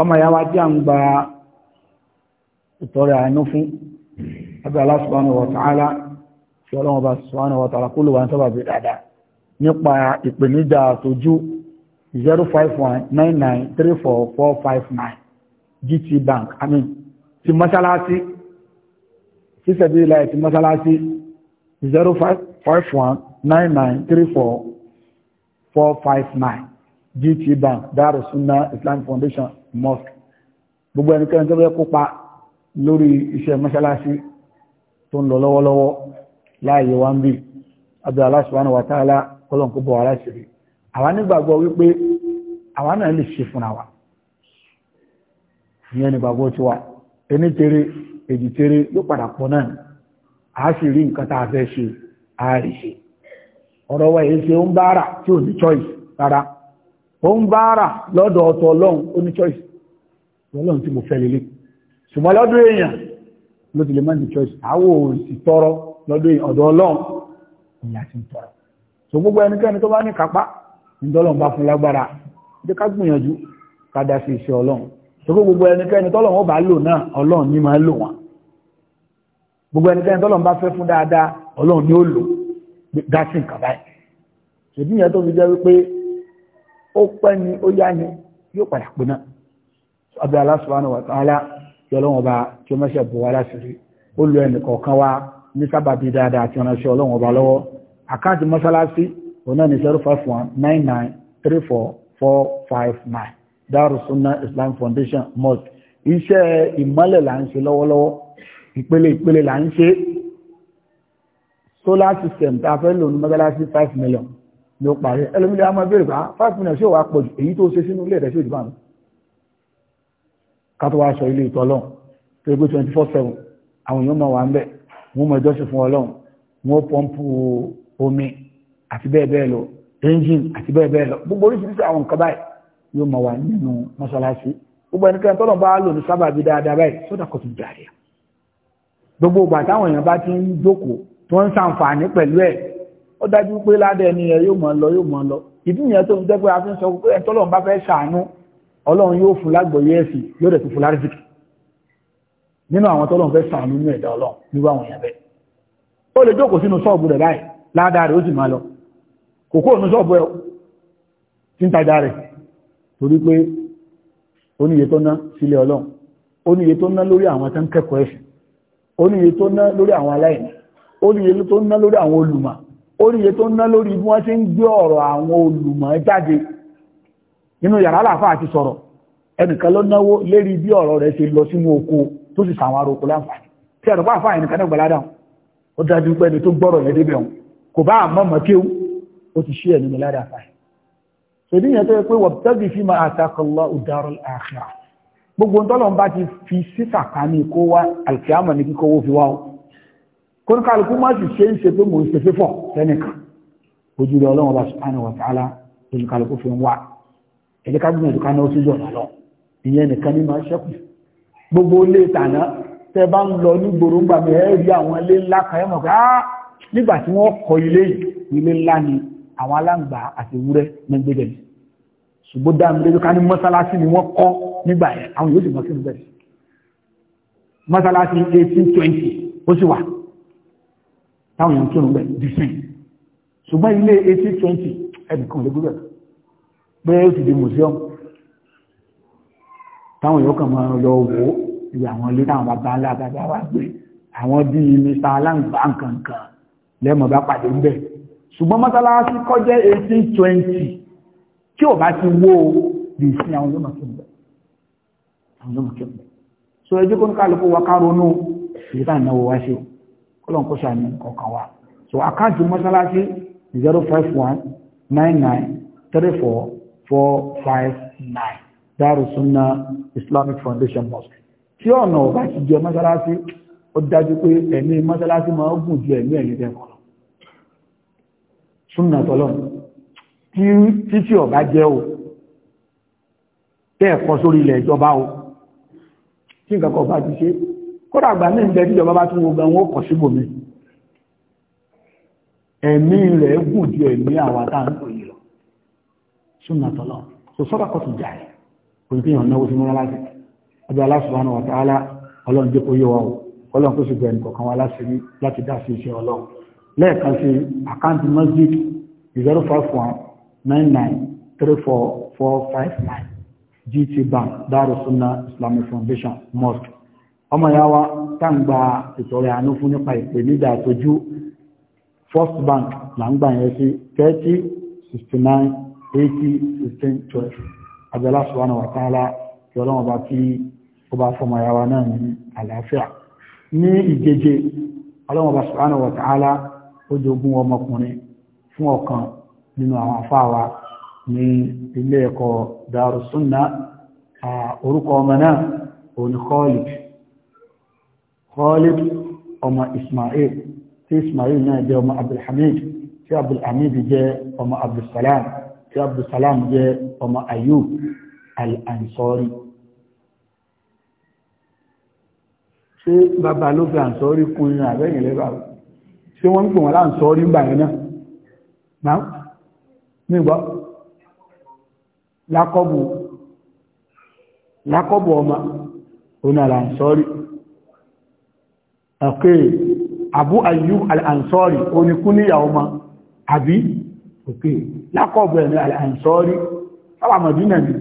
ọmọ ìyá wa jẹ́ ń gba ìtọrẹ àánú fún àbí Allah subhanahu tí ọlọ́wọ́ bá GT Bank I mean ti mọ́ṣáláṣí sí sẹ́bí ilẹ̀ ti mọ́sálásí 0519934459459 GT Bank Darus Sunnah Islamic Foundation Mosque gbogbo ẹnikẹ́ni tó bẹ́ kópa lórí iṣẹ́ mọ́sálásí tó ń lọ lọ́wọ́lọ́wọ́ láàyè wá ń bí abẹ́ Allah subhanahu wa ta'ala kọ́lọ̀kọ́ bọ̀ aláṣìírí àwa nígbàgbọ́ wípé àwa náà lè ṣe fúnra wa ìyẹn nígbàgbọ́ tiwa ẹni tẹ́rẹ́ èjì tẹ́rẹ yóò padà pọ̀ náà a sì rí nǹkan tá a fẹ́ ṣe a ṣe ọ̀rọ̀ wa èyí ṣe ń bára tí ò ní choice rárá ó ń bára lọ́dọ̀ ọ̀tọ̀ ọlọ́run ó ní choice ọlọ́run tí mo fẹ́ lélẹ̀ ṣùgbọ́n lọ́dọ̀ èèyàn ló ti lè má ní choice àwọ̀ òsì tọrọ lọ́dọ̀ ọ̀dọ̀ ọlọ́run ni a ti ń tọrọ so gbogbo ẹnikẹ́ni tó bá ní kápá ní tọ́lọ́run bá fún lágbára jẹ́ ká gbìyànjú ká dá sí iṣẹ́ ọlọ́run tókó gbogbo ẹnikẹ́ni tọ́lọ̀wọ́ bá lò náà ọlọ́run ní máa lò wọn gbogbo ẹnikẹ́ni tọ́lọ̀n bá fẹ́ fún dáadáa ọlọ́run ní ó lò dásì nǹkan báyìí ṣèdí yẹn tó fi jẹ́ wípé ó pẹ́ ni ó yá ni yóò padà pé náà abẹ́ Allah subhanahu wa ta'ala tí ọlọ́run ọba tí ó mẹ́sẹ̀ bọ̀ wá láṣìírí ó lo ẹnìkọ̀ọ̀kan wá ní sábàbí dáadáa àti ọ̀nàṣẹ́ ọlọ́run ọba lọ́wọ́ àkáǹtì mọ́sálásí òun náà ní 051 99 34 459 Darussunnah Islam Foundation Mosque iṣẹ́ ìmọ́lẹ̀ là ń ṣe lọ́wọ́lọ́wọ́ ìpele ìpele là ń ṣe solar system tá a fẹ́ lò ní mọ́gálásí five million ló parí ẹlòmílẹ̀ a máa bèèrè bá ah, five million ṣé wàá pọ̀ jù èyí tó ṣe sínú ilé rẹ̀ ṣé ìdìbò àná wá sọ ilé ìtọ́ ọlọ́run tó gbé twenty four seven àwọn èèyàn máa wà ń bẹ̀ wọ́n mọ ìjọsìn fún ọlọ́run wọ́n pọ́ǹpù omi àti bẹ́ẹ̀ bẹ́ẹ̀ lọ engine àti bẹ́ẹ̀ bẹ́ẹ̀ lọ gbogbo oríṣiríṣi àwọn nǹkan báyìí yóò mọ̀ wà nínú mọ́ṣáláṣí gbogbo ẹnikẹ́ni tọ́lọ̀ bá lò ní sábàbí dáadáa báyìí sódà kò tún jàre gbogbo ìgbà táwọn èèyàn bá ti ń jókòó tí wọ́n ń ṣàǹfààní pẹ̀lú ẹ̀ ó dájú pé ládẹ́ ẹni yẹn yóò mọ̀ lọ yóò mọ̀ lọ ìdí yẹn tó ń jẹ́ pé a fi ń sọ pé ẹni tọ́lọ̀ bá fẹ́ ṣàánú ọlọ́run yóò fún lágbọ̀ọ́yé ẹ̀sìn yóò dẹ̀ tún fún lárísìkì nínú àwọn tọ́lọ̀ fẹ́ ṣàánú nínú ẹ̀dá ọlọ́run nírú torí pé oníye tó ná sílé ọlọ́run oníye tó ná lórí àwọn tó ń kẹ́kọ̀ọ́ ẹ̀sìn oníye tó ná lórí àwọn aláìní oníye tó ná lórí àwọn olùmọ̀ oníye tó ná lórí bí wọ́n ti ń gbé ọ̀rọ̀ àwọn olùmọ̀ jáde nínú yàrá àlàáfà àti sọ̀rọ̀ ẹnìkan ló náwó lérí bí ọ̀rọ̀ rẹ̀ ṣe lọ sínú oko tó sì sàwọn aróko láǹfààní tí ẹ̀rọ sèdí yẹn tó yẹ pé wọ̀bùtẹ́bì fi máa àtàkọ̀lọ́ ìdárò àṣà gbogbo ntọ́lọ̀ bá ti fi sísà ká ní kó wá alkiyama ní kíkọ́ owó fi wá o kó ní kálukú má sì ṣe ń ṣe pé mò ń ṣe fífọ̀ sẹ́nìkan ojú rẹ̀ ọlọ́run ọba subhanahu wa ta'ala tó ní kálukú fi ń wá ẹ̀jẹ̀ ká gbìyànjú ká náà síjọ́ lọ ìyẹn nìkan ní máa ṣẹ́kù gbogbo ilé ìtànà tẹ bá ń lọ ní gbòròngbà mi ẹ̀ rí àwọn ilé ńlá kan ẹ̀ mọ̀ pé ah, nígbà tí wọ́n kọ ilé ilé ńlá ni àwọn aláǹgbà àti ewúrẹ́ mẹ́gbẹ́gbẹ́ ni ṣùgbọ́n dáàmú lójú ká ní mọ́sálásí ni wọ́n kọ́ nígbà yẹn àwọn yóò sì mọ́ sínú bẹ́ẹ̀ mọ́sálásí eighteen twenty ó sì wà táwọn èèyàn kírun bẹ́ẹ̀ dísìn ṣùgbọ́n ilé eighteen twenty ẹnìkan lè gbúgbẹ̀ bẹ́ẹ̀ ó sì di museum táwọn èèyàn kan máa lọ wò ó àwọn ilé táwọn bàbá ńlá bàbá wa gbé àwọn bíi mr aláǹgbá nǹkan nǹkan lẹ́mọ̀ bá pàdé ń bẹ́ẹ̀ ṣùgbọ́n mọ́sálásí kọjẹ́ 1820 tí ò bá ti wó lè sin àwọn yóò mọ̀kí ọ̀gbẹ̀ àwọn yóò mọ̀kí ọ̀gbẹ̀ so ẹjọ́ kó ní kálukú wa káronú èyí tá ìnáwó wá ṣe kọ́lọ̀ kó ṣàmì kọ̀ọ̀kan wa so àkáǹtì mọ́sálásí 05199344459 Darussunna Islamic Foundation Mosque tí ọ̀nà ọ̀bá ti jẹ mọ́sálásí ó dájú pé ẹ̀mí mọ́sálásí máa ń gùn ju ẹ̀mí ẹ̀yìn súnà tọ́lọ́n títí ọ̀bá jẹ́ o tẹ́ ẹ̀kọ́ sórí ilẹ̀ ìjọba o tí nǹkan kan bá ti ṣe kódà àgbà ní ìgbẹ́ tíjọba bá tún gbogbo wọn kọ̀ síbòmí ẹ̀mí rẹ̀ gùn ju ẹ̀mí àwa tá ń pè lọ súnà tọ́lọ́n tó sọ́dà kọ́ tó jà ẹ̀ kò ní kéèyàn náwó lẹ́ẹ̀kan sí àkáǹtì masjid zero five one nine nine three four four five nine gt bank darusunna islamic foundation mosque ọmọ ìyá wa táǹgbà ìtọrẹ àánú fún nípa ìpèníjà àtọjú first bank là ń gbà yẹn sí thirty sixty nine eighty sixteen twelve abẹ́lá subhana wa ta'ala kí ọlọ́run ọba tí ó bá fọmọ ìyá wa náà ní àlàáfíà ní ìgèjè ọlọ́run ọba subhana wa ó jogún ọmọkùnrin fún ọ̀kan nínú àwọn afáwa ní ilé ẹ̀kọ́ Darussunna orúkọ ọmọ náà òní Khalid Khalid ọmọ Ismail tí Ismail náà jẹ́ ọmọ Abdulhamid tí Abdulhamid jẹ́ ọmọ Abdulsalam tí Abdulsalam jẹ́ ọmọ Ayub al-Ansari ṣé bàbá ló fi kún ní àbẹ́yìn ṣé wọ́n ń pè wọ́n láǹsọ orí ń bà yẹn náà náà nígbà lákọ́bù lákọ́bù ọmọ oní àlàǹsọ́rí ọ̀kẹ́ àbú Ayyub àlàǹsọ́rí oníkúníyà ọmọ àbí òkè lákọ́bù ẹ̀mí àlàǹsọ́rí sáwà Mádínà ni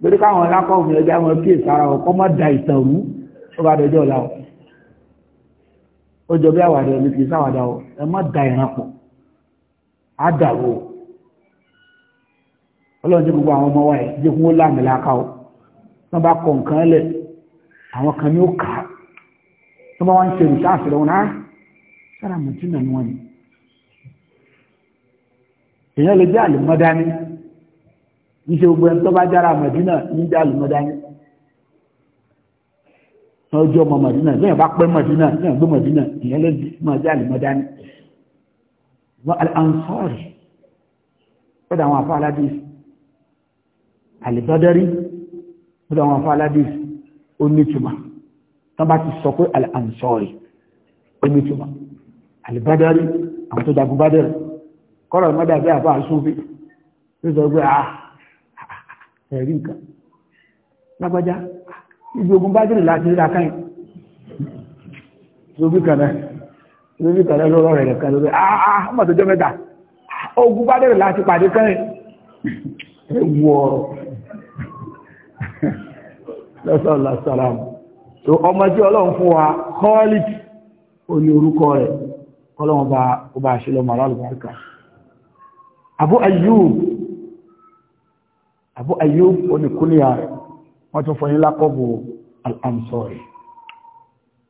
lórí káwọn lákọ́bù ẹjá wọn kí èsára ọkọ́ mọ́ da ìtàrú ó ó jọ bí àwàdà ẹni kìí sáwàdà ọ ẹ má da ìran pọ̀ á o ọlọ́run jẹ́ gbogbo àwọn ọmọ wa ẹ̀ jẹ́ kó láàmì láàká o wọ́n bá kọ nǹkan lẹ̀ àwọn kan ní ó kà á tó bá wọ́n ń ṣe rìsáàsì lọ́wọ́ náà sára mùtínà ni wọ́n ni èèyàn lè jẹ́ àlùmọ́dání ní ṣe gbogbo ẹni tó bá jára mọ̀dínà ní jẹ́ àlùmọ́dání ọjọ́ ọmọ mọ̀dínà lẹ́yìn bá pẹ́ mọ̀dínà lẹ́yìn gbé mọ̀dínà ìyẹn ló di máa jẹ́ àlùmọ́dání wọ́n ansọ́ọ̀rì lọ́dọ̀ àwọn afọ aládìs àlìbọ́dẹ́rí lọ́dọ̀ àwọn afọ aládìs ó nítumọ̀ tán bá ti sọ pé ansọ́ọ̀rì ó nítumọ̀ àlìbọ́dẹ́rí àwọn tó jagun bá dẹ̀rẹ̀ kọ́rọ̀ mọ́dà bí àbá àsúnfí ló sọ pé àà ah, ah, ah, ẹ̀rí nǹkan lágbájá ibi ogun bájìrì láti rí akáyìn lóbi kàdá lóbi kàdá lọ́rọ̀ rẹ̀ kàdá lórí àà ah, ah, ah, mọ̀tò jọ mẹ́ta ogun bájìrì láti pàdé kẹ́yìn ewu ọ̀rọ̀ lọ́sọ̀lá sàlámù so ọmọ tí ọlọ́run fún wa khalid ó ní orúkọ rẹ̀ ọlọ́run bá ó bá ṣe lọ́mọ aláàlùbáríkà abu ayyub abu ayyub ó ní kúnìyà rẹ̀ wọ́n tún fọ́ yín lákọ́bù al-Ansari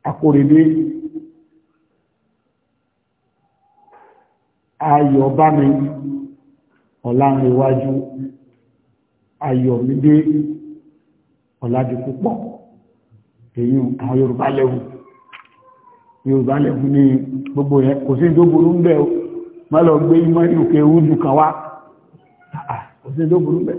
akóredé ayọ̀ bá mi ọ̀lànrẹ̀wájú ayọ̀ mi dé ọ̀làdì púpọ̀ èyí àwọn Yorùbá lẹ́wù Yorùbá lẹ́wù ní gbogbo yẹn kò sí tó burú ń bẹ̀ má lọ gbé ìmọ̀ ìrùkẹ̀ òun kò sí tó burú ń bẹ̀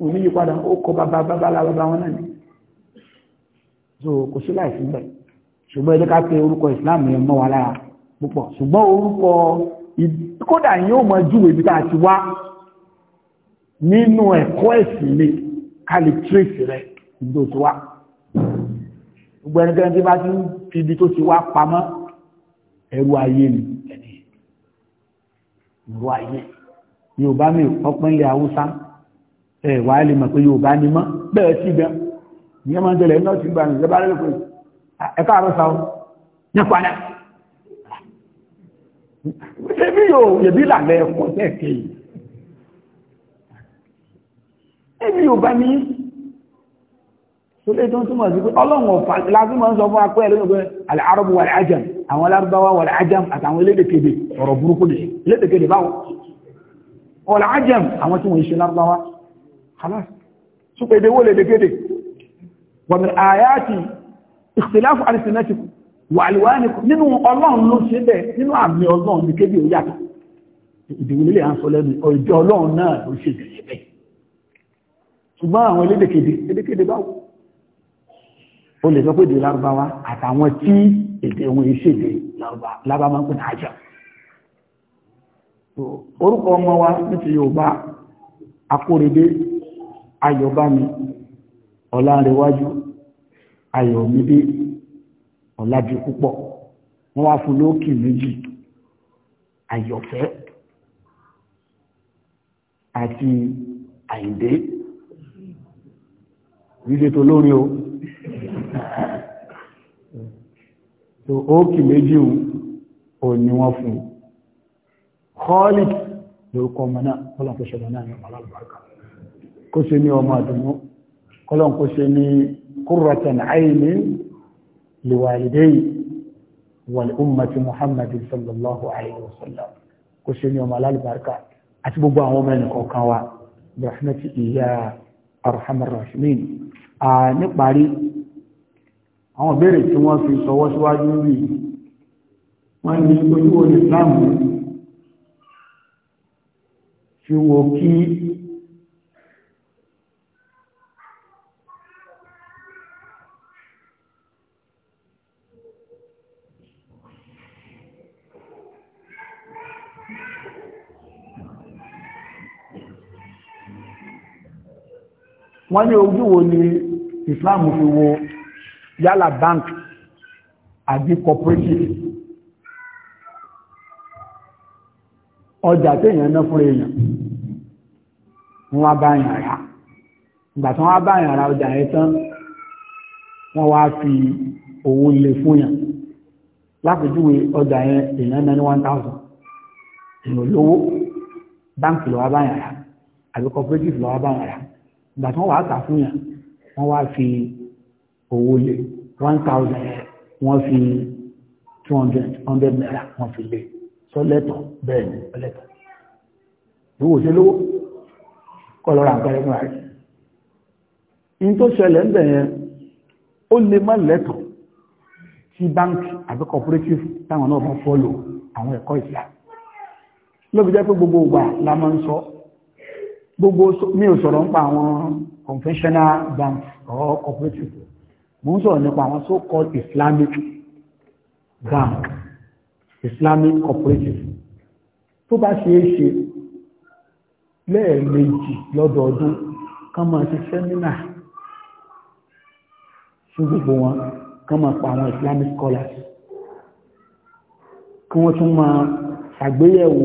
òní yí padà ó kọ bàbá bàbá la bàbá wọn náà ni so kò sí láì síbẹ̀ ṣùgbọ́n ẹ̀jẹ̀ ká pe orúkọ islam yẹn mọ́ wa lára púpọ̀ ṣùgbọ́n orúkọ kódà yóò mọ júwèé ibi tá a ti wá nínú ẹ̀kọ́ ẹ̀sìn ni ká lè tírèsì rẹ̀ ìgbò tó wá gbogbo ẹnikẹ́ni tí bá ti ń fi ibi tó ti wá pamọ́ ẹrú ayé ni ẹni ẹrú ayé yorùbá mi ọpẹ́ ilẹ̀ haúsá ẹ̀ wà á lè mọ̀ pé mọ́ bẹ́ẹ̀ sí gan ìyẹn máa ń tẹ̀lé ti gba ìjọba rẹ̀ pé ẹ̀ka àrọ́ ọ́ ní padà ṣebí yóò yẹ̀bí làlẹ́ ẹ̀kọ́ tẹ̀kẹ́ yìí ẹ̀mí Yorùbá ni tolé tó ń túmọ̀ sí pé ọlọ́run ọ̀fà lásìmọ̀ ń sọ fún خلاص شوف ايدي ولا ايدي كده ومن آياتي اختلاف ألسنتكم وألوانكم nínú Ọlọ́run ló ṣe bẹ́ẹ̀ nínú àmì Ọlọ́run ní kébí ó yàtọ̀ ìdìwò nílé à ń sọ lẹ́nu ọjọ́ Ọlọ́run náà ló ṣe bẹ́ẹ̀ bẹ́ẹ̀ ṣùgbọ́n àwọn elédèkéde elédèkéde báwo o lè sọ pé èdè lárúbáwá àtàwọn tí èdè wọn ìṣèdè lárúbá máa ń orúkọ ọmọ wa ní ti Yorùbá akóredé ayọ̀bámi ọ̀làrẹ̀wájú ayọ̀mídé ọ̀làjú púpọ̀ wọ́n wá fún lókì méjì ayọ̀fẹ́ àti àyìndé wíṣẹ́ tó lórí o so ókì méjì o ní wọ́n fún Khalid lórúkọ ọmọ náà kọ́lá tó ṣẹlẹ̀ náà ní ọmọ alábàárkà kó ṣe ní ọmọ àdúgbò kọ́lọ́n kó ṣe ní qurratan aini liwalidayhi wal ummati muhammadin sallallahu alayhi wa sallam kó ṣe ní ọmọ alálùbáríkà àti gbogbo àwọn ọmọ ẹnì kọ̀ọ̀kan wa rahmatu iya arhamar rahimin níparí àwọn ìbéèrè tí wọ́n fi sọwọ́ síwájú rí wọ́n ní ojú olè islam fi wo kí wọ́n ní ojú wo ni Islam fi wo yálà bank àbí cooperative ọjà téèyàn ná fún èèyàn wọ́n bá yàn rà ìgbà tí wọ́n bá yàn rà ọjà yẹn tán wọ́n wá fi owó lè fún yàn lápèjúwe ọjà yẹn èèyàn náà ní one thousand èèyàn lówó báńkì lọ́wọ́ bá yàn rà àbí cooperative lọ́wọ́ bá yàn rà ìgbà tí wọ́n wàá tà fún yàn wọ́n wá fi owó lé one thousand wọ́n fi two hundred hundred naira wọ́n fi lé sọ́lẹ́tọ̀ bẹ́ẹ̀ ni ọlẹ́tọ̀ ìwò sí lówó kọ́ lọ́ra àpẹẹrẹ fún ààrẹ in tó ṣẹlẹ̀ ń bẹ̀yẹn ó lè má lẹ́tọ̀ tí báńkì àbí cooperative táwọn náà bá fọ́lò àwọn ẹ̀kọ́ ìsìlá lóbi jẹ́ pé gbogbo ìgbà la máa ń sọ gbogbo mi ò sọ̀rọ̀ nípa àwọn conventional banks or cooperative mo ń sọ̀rọ̀ nípa àwọn so-called Islamic bank Islamic cooperative tó bá ṣe é ṣe lẹ́ẹ̀mejì lọ́dọọdún kán máa ṣe sẹ́mínà fún gbogbo wọn kán máa pa àwọn Islamic scholars kí wọ́n tún máa ṣàgbéyẹ̀wò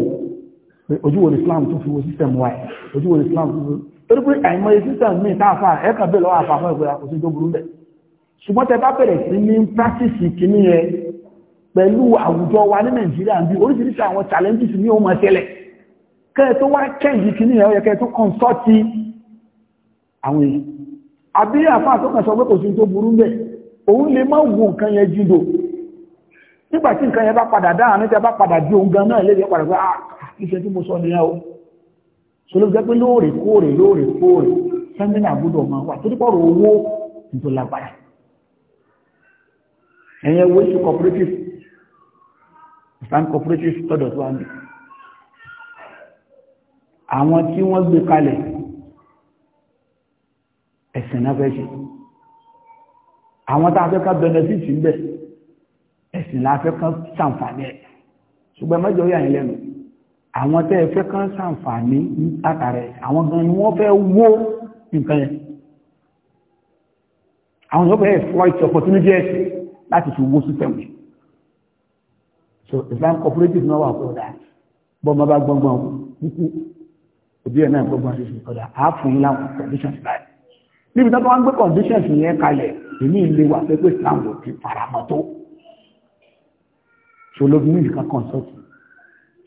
pé ojú wo Islam tó fi wo system wa ẹ̀ ojú wo Islam tó fi torí pé àìmọye system mi táàfà ẹ̀kàn bẹ́ẹ̀ lọ́wọ́ àfàfà ìpẹ́lẹ̀ àkóso tó burú bẹ̀ ṣùgbọ́n tẹ bá bẹ̀rẹ̀ sí ní practice kìíní yẹ pẹ̀lú àwùjọ wa ní Nàìjíríà bí oríṣiríṣi àwọn challenges ní òun ọ̀tẹ́lẹ̀ kẹ́ẹ̀ tó wá change kìíní yẹ ọ̀yẹ́ kẹ́ẹ̀ tó consult àwọn èèyàn àbí àfà tó kàn sọ pé kò sí tó burú bẹ̀ òun lè má wo nǹkan yẹn jùdò nígbà tí nǹkan yẹn bá padà dáhà ní tẹ́ bá padà di ohun gan náà lẹ́yìn padà pé ah iṣẹ́ tí mo sọ nìyẹn o so ló jẹ́ pé lóòrèkóòrè lóòrèkóòrè sẹ́mínà gbọ́dọ̀ máa wà torí pọ̀rọ̀ owó tó lágbára ẹ̀yẹ owó sí cooperative stand cooperative tọ́dọ̀ tó wà ní àwọn tí wọ́n gbé kalẹ̀ ẹ̀sìn náà fẹ́ ṣe àwọn tá a fẹ́ ká benefit ń bẹ̀ ẹ̀sìn la fẹ́ kán ṣàǹfààní ẹ̀ ṣùgbọ́n mẹ́jọ yà yín lẹ́nu àwọn tẹ́ ẹ fẹ́ kán ṣàǹfààní látàrẹ àwọn gan ni wọ́n fẹ́ wó nǹkan yẹn àwọn yóò fẹ́ exploit opportunity ẹ̀sìn láti fi wó system yẹn so Islam cooperative náà wà fún ọ̀dà bọ́n bá bá gbọ́ngbọ́n kúkú òbí ẹ̀ náà gbọ́ngbọ́n ṣe ọ̀dà á fún yín láwọn conditions báyìí níbi tó bá ń gbé conditions yẹn kalẹ̀ èmi ìlewà pé pé Islam ò ti faramọ́ tó so ló ní ìka kọ̀ǹsọ́tì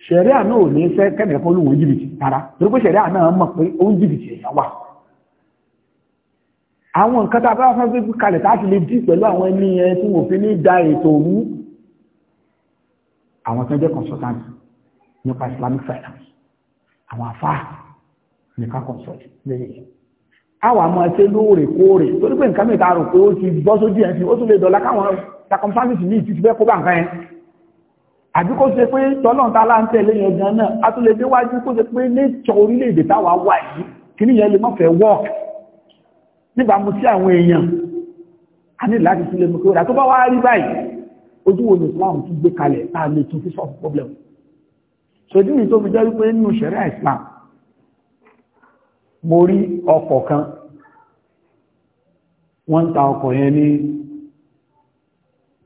ṣẹ̀ríà náà ò ní fẹ́ kẹ́nìkan olóhùn jìbìtì tara torí pé ṣẹ̀ríà náà mọ̀ pé ó ń jìbìtì ẹ̀yà wà àwọn nǹkan tá a bá fẹ́ fi kalẹ̀ láti lè dí pẹ̀lú àwọn ẹni ẹ tí wọ́n fi ní da ètò òun àwọn tó jẹ́ consultant nípa islamic finance àwọn afá nìkan consult lẹ́yìn àwọn àmọ́ ẹsẹ́ lóòrèkóòrè torí nǹkan mìta rò pé ó ti bọ́ sójú ẹ̀ àbí kó ṣe pé tọ́lọ́n tá láń tẹ̀lé yẹn gan náà a tún lè déwájú kó ṣe pé nature orílẹ̀-èdè táwa wà yìí kí nìyẹn lè mọ́fẹ́ work níbàámu sí àwọn èèyàn a ní láti sílé mú kúrò tó bá wá rí báyìí ojú wo ni Islam tún gbé kalẹ̀ tá a lè tún fi solve problem ṣojú mi tó fi jẹ́ wípé nínú ṣẹ̀ríà Islam mo rí ọkọ̀ kan wọ́n ta ọkọ̀ yẹn ní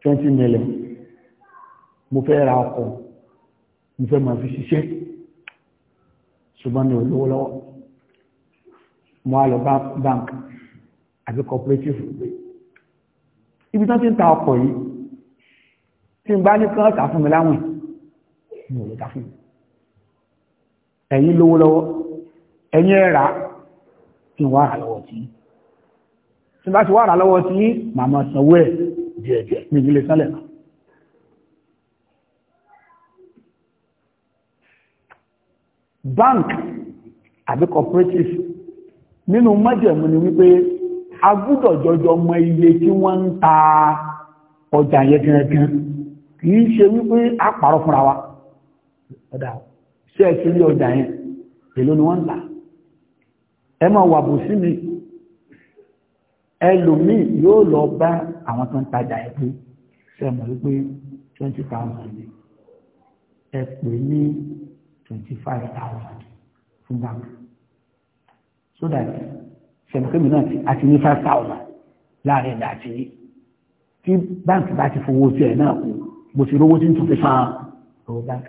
twenty million mo fẹ́ ra ọkọ̀ mo fẹ́ máa fi ṣiṣẹ́ ṣùgbọ́n mi ò lówó lọ́wọ́ mo á lọ bank àbí cooperative gbé ibi tán ti ń ta ọkọ̀ yìí tí n bá ní kí wọ́n tà fún mi láwìn mo lè tà fún mi ẹ̀yin lówó lọ́wọ́ ẹ̀yin ẹ̀rà tí n wá rà lọ́wọ́ tí tí n bá ti wá rà lọ́wọ́ tí màmá sanwó ẹ̀ díẹ̀díẹ̀ mi ìdílé sálẹ̀ náà bank àbí cooperative nínú májẹ̀mú ni wípé a gbúdọ̀ jọjọ mọ iye tí wọ́n ń ta ọjà yẹn gangan kì í ṣe wípé a pààrọ̀ fúnra wa ọ̀dà ṣe é sí ilé ọjà yẹn èló ni wọ́n ń tà ẹ máa wà bù sí mi ẹlòmíì yóò lọ bá àwọn tó ń tajà ẹ pé ṣe mọ̀ wípé twenty thousand ẹ pè ní twenty five thousand fún bank so that sẹ̀mùkẹ́mi náà àti ní five thousand láàrin ìgbà àti tí bank bá ti fowó tiẹ̀ náà kú bó ti rówó tí ń tún fi san owó bank.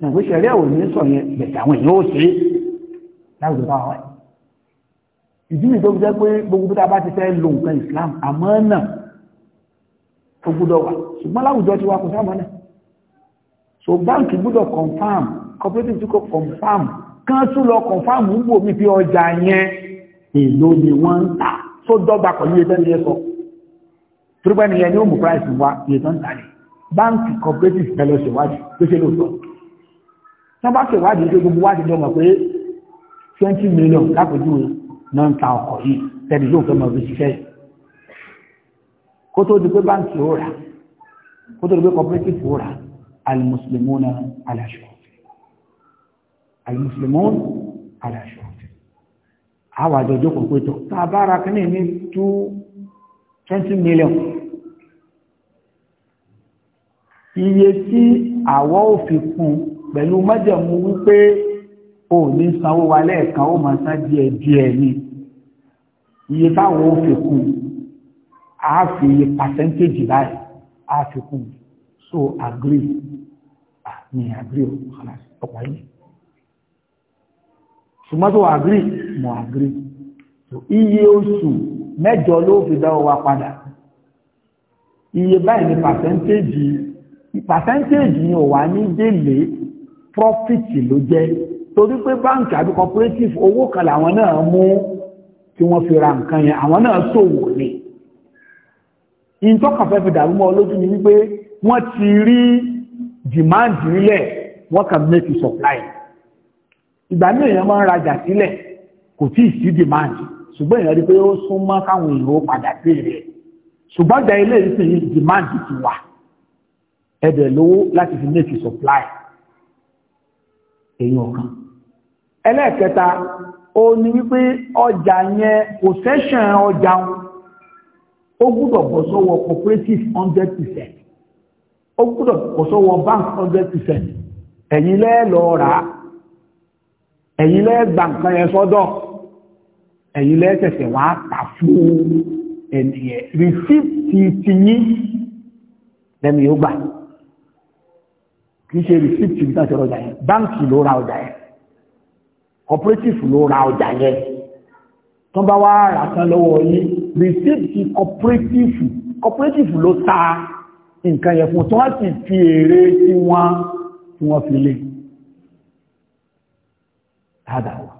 ìwé sẹ̀rí àwọn ènìyàn sọ yẹn bẹ̀tẹ̀ àwọn èèyàn ó ṣe é láwùjọ bá wọn. ìdí mi tó fi jẹ́ pé gbogbo bí ta bá ti fẹ́ lo nǹkan Islam àmọ́ náà ó gbúdọ̀ wà ṣùgbọ́n láwùjọ ti wá kò sáà mọ́ náà so báńkì gbọ́dọ̀ confam cooperative tí kò confam kán tún lọ confam ń wò mí pé ọjà yẹn èlò ni wọ́n ń tà tó dọ́gba pẹ̀lú iye tó ń yẹ sọ torípẹ́ nìyẹn ni ó mú price wá iye tó ń tà ní cooperative tẹ́lẹ̀ ṣèwádìí tó ṣe lóòótọ́ tí wọ́n bá ṣèwádìí tó gbogbo wádìí jọ mọ̀ pé twenty million lápèjúwe náà ń ta ọkọ̀ yìí tẹ́lẹ̀ yóò fẹ́ mọ̀ bí ṣiṣẹ́ yìí kó tó di pé báńkì ó rà kó tó di pé cooperative ó rà المسلمون على شروطهم المسلمون على شروطهم àwọn àjọjọ́ kò pé tó tàbára kan 20 مليون. iye tí àwọ́ ò fi kún pẹ̀lú májẹ̀mú wípé o ní sanwó wa lẹ́ẹ̀kan ó máa san díẹ̀ díẹ̀ ni iye táwọn ò fi a fi percentage báyìí a fi kún so agree ní agree o ọ̀pá yìí ṣùgbọ́n tó agree mo agree so iye oṣù mẹ́jọ ló fi dá wa padà iye báyìí ni pàṣẹ́ntéèjì pàṣẹ́ntéèjì ni ò wá ní délé prọ́fìtì ló jẹ́ torí pé báǹkì àbí cooperative owó kan làwọn náà mú tí wọ́n fi ra nǹkan yẹn àwọn náà ṣòwò ni ìtọ́kàfẹ́ fi dàrú mọ́ ọ lójú ni wípé wọ́n ti rí demand nílẹ̀ wọ́n kàn make supply ìgbà ní èèyàn máa ń rajà sílẹ̀ kò tí ì sí demand ṣùgbọ́n èèyàn rí pé ó súnmọ́ káwọn èèyàn ó padà béèrè ẹ̀ ṣùgbọ́n ìgbà ilé ìsìn demand ti wà ẹ̀dẹ̀ lówó láti fi make supply èèyàn kan ẹlẹ́ẹ̀kẹta ó ní wípé ọjà yẹn possession ọjà ó gbúdọ̀ bọ̀ sọ́wọ́ cooperative hundred percent ó gbúdọ̀ pọ̀ sọ́wọ́ bank hundred percent ẹ̀yin lẹ́ẹ̀ lọ rà á ẹ̀yin lẹ́ẹ̀ gbà nǹkan yẹn sọ́dọ̀ ẹ̀yin lẹ́ẹ̀ tẹ̀sẹ̀ wá tà fún ẹnìyẹn rìsíìtì ti yín lẹ́nu yóò gbà kì í ṣe rìsíìtì nígbà tí ọjà yẹn báǹkì ló ra ọjà yẹn cooperative ló ra ọjà yẹn tó bá wá rà tán lọ́wọ́ yín rìsíìtì cooperative cooperative ló ta nǹkan yẹ fún tó wá sì fi èrè tí wọ́n tí wọ́n fi lé àdàwà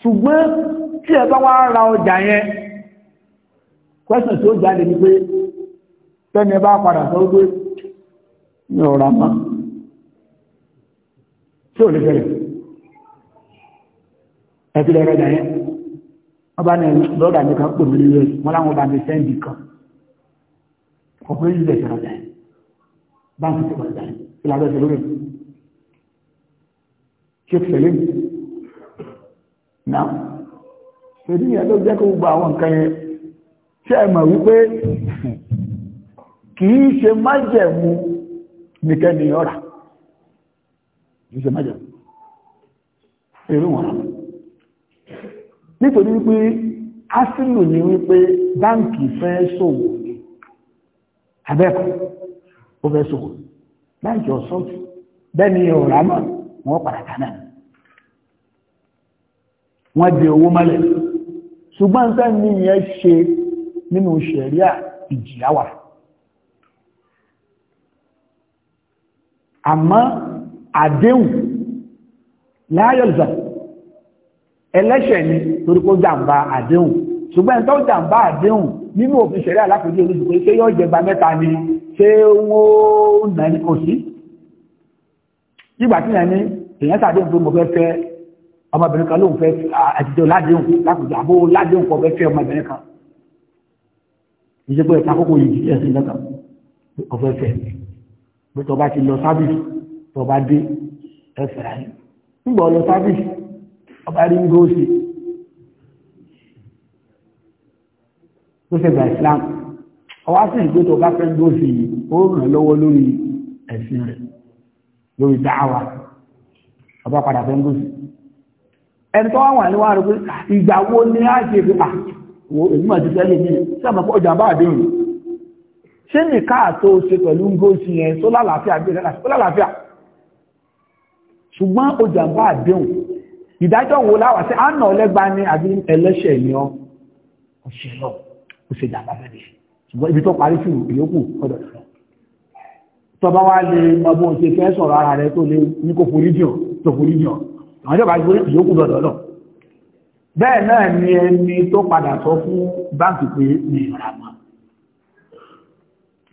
ṣùgbọ́n tí ẹ bá wá ra ọjà yẹn kwẹ́sàn tí ó jáde ní pé tẹ́ni bá padà sọ pé mi ò ra mọ́ tí ò lè fẹ́rẹ̀ ẹ̀fílẹ̀ rẹ̀ ọjà yẹn wọ́n bá ní lọ́dà mi kan pè mí lórí wọ́n láwọn bá mi sẹ́ǹdì kan ọkùnrin yìí bẹ̀rẹ̀ dáadáa báńkì tó dáadáa ìlànà ìṣẹ̀lẹ̀ rẹ̀ ṣe fẹ̀lẹ̀ náà ṣèdí ìyá ló jẹ́ kó gbogbo àwọn nǹkan yẹn ṣe é mọ̀ wípé kì í ṣe májẹ̀mú nìkan ni ọ̀rà kì í ṣe májẹ̀mú èrò wọn nítorí wípé asílù ni wípé báńkì fẹ́ ṣòwò abẹ́kọ̀ ó fẹ́ sòkò láì jọ sọ́ọ̀tù bẹ́ẹ̀ ni ọ̀rọ̀ àmọ́ wọn padà kánà wọ́n di owó mọ́lẹ̀ ṣùgbọ́n nǹkan ní ìyẹn ṣe nínú ṣẹ̀ríà ìjìyàwà àmọ́ àdéhùn láyọ̀lùsà ẹlẹ́ṣẹ̀ ni torí kó àdéhùn ṣùgbọ́n tó jàǹbá àdéhùn nínú òfin ṣẹ̀rẹ́ alákòójú olójú pé ṣé yóò jẹba mẹ́ta ni ṣé wọ́n nà ní kò sí ìgbà tí yẹn ní èèyàn sàdé nǹkan mo fẹ́ fẹ́ ọmọbìnrin kan lóun fẹ́ àtijọ́ ládéhùn lákòójú àbó ládéhùn kan fẹ́ fẹ́ ọmọbìnrin kan ìṣẹ́pẹ́ ìtakókò yìí jìí ẹ̀sìn lọ́kàn ọ̀fẹ́ fẹ́ pé tọba ti lọ sábìsì tọba dé ẹ̀fẹ̀ ráyé nígbà ọlọ sábìsì ọba rí ń gbóòsì tó ṣe islam ọwá sí ìgbé tó bá fẹ́ ń gbóòsì yìí ó ràn lọ́wọ́ lórí ẹ̀sìn rẹ̀ lórí dáhàwá ọba padà fẹ́ ń gbóòsì ẹni tó wà wà níwá rẹ̀ pé ah, ìgbà wo ni a ṣe fi àwọn èyí mà ti tẹ́lẹ̀ mí sábà fọ́ ọjà bá àdéhùn ṣé nìka àtò ṣe pẹ̀lú ń gbóòsì yẹn tó lálàáfíà gbé rẹ̀ láti lálàáfíà ṣùgbọ́n ọjà bá àdéhùn ìdájọ́ wo láwà sí àánà ọlẹ́gba àbí ẹlẹ́ṣẹ̀ ni ọ ọ̀ṣẹ̀ náà kò ṣe dàgbà bẹ́ẹ̀ ṣùgbọ́n ibi tó parí sí ìyókù ọ̀dọ̀ lọ. tọba wa lè ọmọ òṣè fẹ́ sọ̀rọ̀ ara rẹ tó lé ní kò forí jọ tó forí jọ àwọn ìjọba gbé ìyókù lọ́dọ̀ lọ. bẹ́ẹ̀ náà ni ẹni tó padà sọ fún báǹkì pé ní ìrà mọ́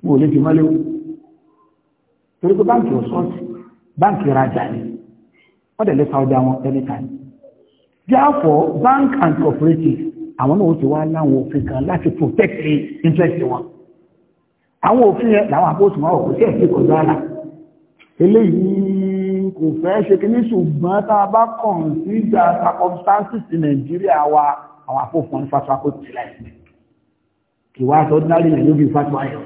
mo lè fi mọ́lé o torí pé báǹkì ọ̀sọ́ọ̀tì báǹkì rajà ni wọ́n dẹ̀ lè sa ọjà wọn ẹni tàbí. therefore bank and cooperative àwọn náà ó ti wá láwọn òfin kan láti protect the interest wọn àwọn òfin yẹn làwọn àpótù máa wọ̀ sí ẹ̀sìn kọjá àlà eléyìí kò fẹ́ ṣe kí ní ṣùgbọ́n tá a bá kàn sí ìjà circumstances ti nàìjíríà wa àwọn àpòfin fásitì akó ti láì kì wá sọ ordinary yẹn lóbi fásitì ayọ̀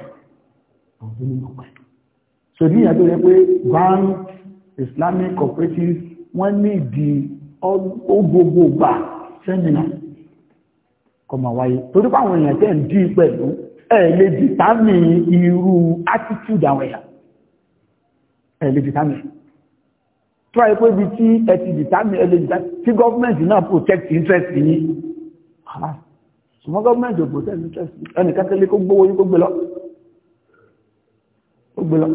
àwọn tó ní mọ̀ so ní ìyàtọ̀ yẹ pé bank islamic cooperatives wọ́n ní ìdí ó gbogbo gbà seminar kó máa wáyé torí pé àwọn èèyàn tẹ́ ń dí pẹ̀lú ẹ̀ lè irú attitude àwọn èèyàn ẹ̀ lè dìtámì tó wáyé pé ibi tí ẹ ti dìtámì ẹ lè dìtámì tí gọ́ọ̀mẹ̀ntì náà protect interest yìí ah, ṣùgbọ́n gọ́ọ̀mẹ̀ntì ò protect interest ẹnìkan tẹ́lẹ̀ kó gbówó yín kó gbé lọ ó gbé lọ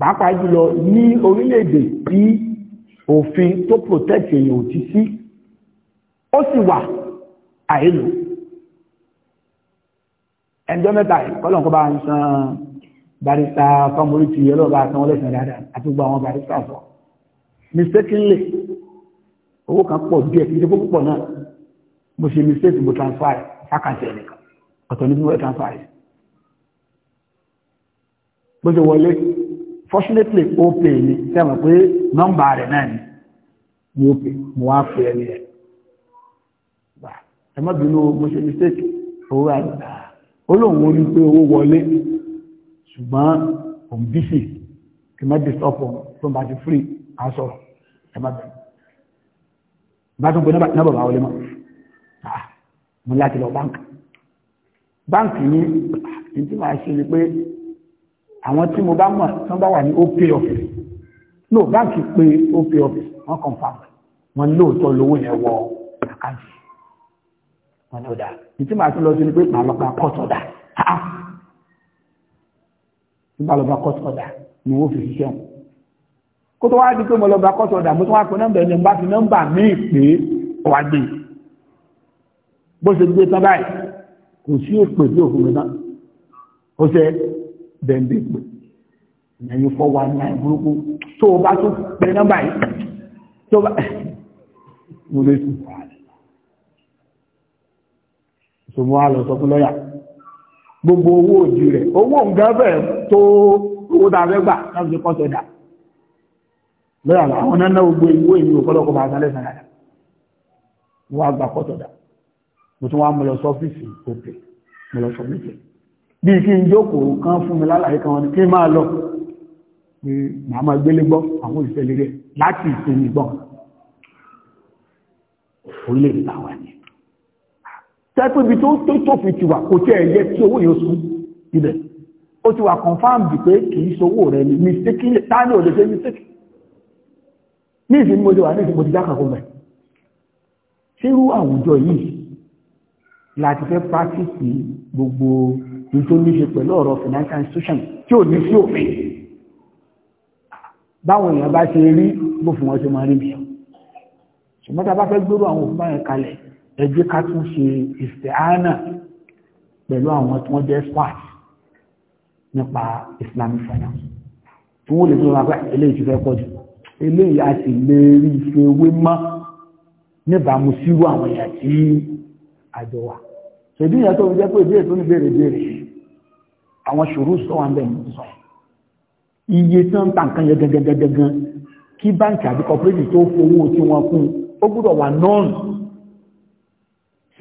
pàápàá jùlọ ní orílẹ̀-èdè tí òfin tó protect èèyàn ò ti sí ó sì wà àìlò ẹjọ́ mẹ́ta ìkọlọ̀kọ́ bá ń san barista fọmọrí ti ọlọ́ọ̀bá sanwó lẹ́sìn dáadáa àti gbogbo àwọn barista sọ mistakenly owó kan pọ̀ díẹ̀ kí n ṣe kó púpọ̀ náà mo ṣe mistake mo transfer sákàtì ẹnìkan ọ̀tọ̀ ní bí wọ́n transfer bó ṣe wọlé fortunately ó pè ní sẹ́wọ̀n pé nọ́mbà rẹ̀ náà ni ó pè mo wá pè ẹni ẹ̀ ẹ má bínú mo ṣe mistake owó àìdá olóòwò rí pé owó wọlé ṣùgbọ́n òun bísì kì má disturb òun tó bá ti free á sọ̀rọ̀ ẹ má bẹ̀rẹ̀ bá tún pé náà bàbá wọlé mọ́ ah, mo láti lọ báńkì báńkì ní ìdí máa ṣe ni pé àwọn tí mo bá mọ̀ tán bá office no báńkì pé OPay office wọ́n confam wọ́n lówó yẹn wọ wọn ni ó dáa ìtí màá tún lọ sí ni pé màá lọ bá kọ́ọ̀tù ọ̀dà áá nígbà lọ bá kọ́ọ̀tù ọ̀dà ni wọ́n fi ṣiṣẹ́ wọn kó tó wá di pé mo lọ bá kọ́ọ̀tù ọ̀dà mo tún wá pe nọ́mbà ẹni bá fi nọ́mbà míì pé wà gbé bó ṣe gbé tán báyìí kò sí èpè tí òfin mi náà ó ṣe bẹ̀ǹdẹ̀ pè ẹ̀yìn fọwọ́ àná ìburúkú tó o bá tún pe nọ́mbà yìí tó o bá mo lè sùn fàá sọmọ àlọ́ sọ fún lọ́yà gbogbo owó òjì rẹ̀ owó nǹkan bẹ́ẹ̀ tó owó tá a fẹ́ gbà láti fi kọ́sẹ̀ dà lọ́yà àwọn náà náà gbogbo ìwé ìlú ọ̀pọ̀lọpọ̀ bá sálẹ̀ sàn àdá wọ́n á gbà kọ́sẹ̀ dà mo tún wá mọ lọ sọ́fíìsì òkè mo bí kí n jókòó kan fún mi lálàyé kan wọn kí n máa lọ pé màá máa gbélé gbọ́ àwọn òṣìṣẹ́ lérè láti ìsinmi gbọ́n orílẹ̀-èdè táwa yẹn tẹ́pẹ́bi tó tó tófi ti wà kò tẹ́ ẹ̀yẹ tí owó yóò sún ibẹ̀ ó ti wà confirmed pé kìí sowó rẹ̀ ni mistake táà ní òde ṣe mistake ní ìsinmi mo ti wà ní ìsinmi mo ti dákàkọ́ mẹ́ ṣírú àwùjọ yìí láti fẹ́ pàtíkì gbogbo tó ní ṣe pẹ̀lú ọ̀rọ̀ financial institution tí ò ní sí òfin báwọn èèyàn bá ṣe rí bó fún wọn ṣe máa rí mi ṣùgbọ́n tá a bá fẹ́ gbérò àwọn òfin báyẹn kalẹ̀ ẹ jẹ́ ká tún ṣe ìsìtẹ́hánà pẹ̀lú àwọn tí wọ́n jẹ́ experts nípa islamic finance tí wọ́n lè tún wọ́n eléyìí ti fẹ́ pọ̀ jù eléyìí a sì lè rí ife wé mọ́ níbàámu sírú àwọn èèyàn tí àjọ wà ṣèdí ìyẹn tó ń jẹ́ pé ìbéèrè tó ní béèrè béèrè àwọn ṣòro sọ wà ń bẹ̀ ní iye tí wọ́n ń ta nǹkan yẹn gangan kí báńkì àbí cooperative tó fowó tí wọ́n kún ó gbúdọ̀ wà nọ́ọ̀nù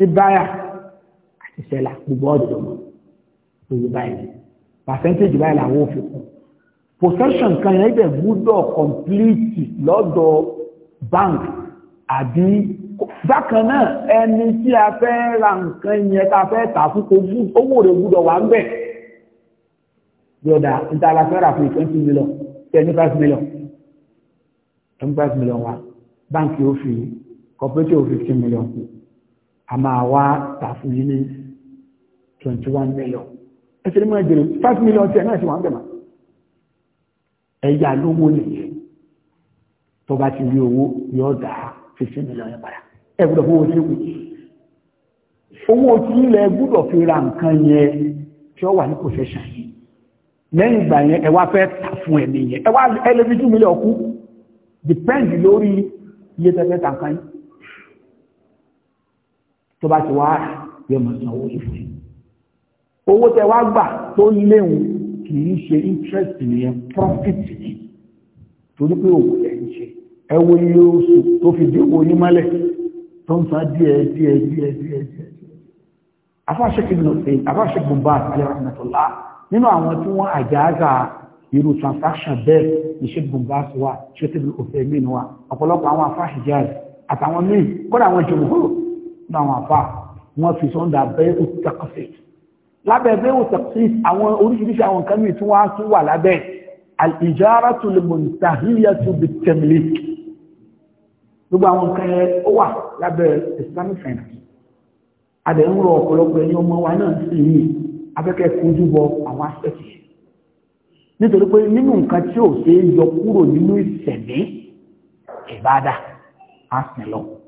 sí báyà àti sẹ́là gbogbo ọ̀dọ̀ mọ́ oye báyìí percentage báyìí làwọn ò fi kún possession kan yẹn dẹ̀ gbúdọ̀ complete lọ́dọ̀ bank àbí bákan náà ẹni tí a fẹ́ ra nǹkan yẹn tá a fẹ́ tà fún kojú owó rẹ̀ gbúdọ̀ wà ń bẹ̀ yọ̀dà níta la fẹ́ rà fún twenty million twenty five million twenty five million wa báńkì ó fi cooperative ó fi fifteen million kù a máa wá tà fún yín ní twenty one million ẹsẹ̀ ní mọ́ ẹ̀jẹ̀ five million tiẹ̀ náà ṣe wà ń bẹ̀ mọ́ ẹ̀yà lówó nìyẹn tó bá ti rí owó yóò dá fifteen million yẹn padà ẹ gbọ́dọ̀ fún owó tí ó kù owó tí ilẹ̀ gbọ́dọ̀ fi ra nǹkan yẹn tí ó wà ní possession yìí lẹ́yìn ìgbà yẹn ẹ wá fẹ́ tà fún ẹ̀mí yẹn ẹ wá ẹlẹ́bí two million kú depend lórí iye tẹ́tẹ́ tà nǹkan yìí tó bá ti wá yẹ mọ̀ san owó ìfún yìí owó tẹ wá gbà tó léwu kì í ṣe interest nìyẹn profit ni torí pé òwò ẹ̀ ń ṣe ẹ wo iye oṣù tó fi dé owó yín mọ́lẹ̀ tó ń san díẹ̀ díẹ̀ díẹ̀ díẹ̀ díẹ̀ afáṣẹ́kì bùnbà àti rahmatullah nínú àwọn tí wọ́n àjáàgà irú transaction bẹ́ẹ̀ iṣẹ́ bùnbà wà ṣẹ́tẹ̀lú òfin mìíràn wà ọ̀pọ̀lọpọ̀ àwọn afáṣẹ́jáàz àtàwọn míì kọ́dà àwọn ìjọmọ̀hóró náà wọn àfà wọn fi sọ́ndà bẹ́ẹ̀ ó tẹ̀kọ̀sí lábẹ́ bẹ́ẹ̀ ó tẹ̀kọ̀sí àwọn oríṣiríṣi àwọn nǹkan mìíràn tí wọ́n á tún wà lábẹ́ al-ijaratu lil-muntahiyatu bit-tamlik gbogbo àwọn nǹkan yẹn ó wà lábẹ́ islamic finance adẹ̀ ń rọ ọ̀pọ̀lọpọ̀ ẹni ọmọ wa náà sì yìí afẹ́kẹ́ kojú bọ àwọn aspect yẹn nítorí pé nínú nǹkan tí ò ṣe é yọ kúrò nínú ìṣẹ̀lẹ̀ ìbádà á sìn lọ́wọ́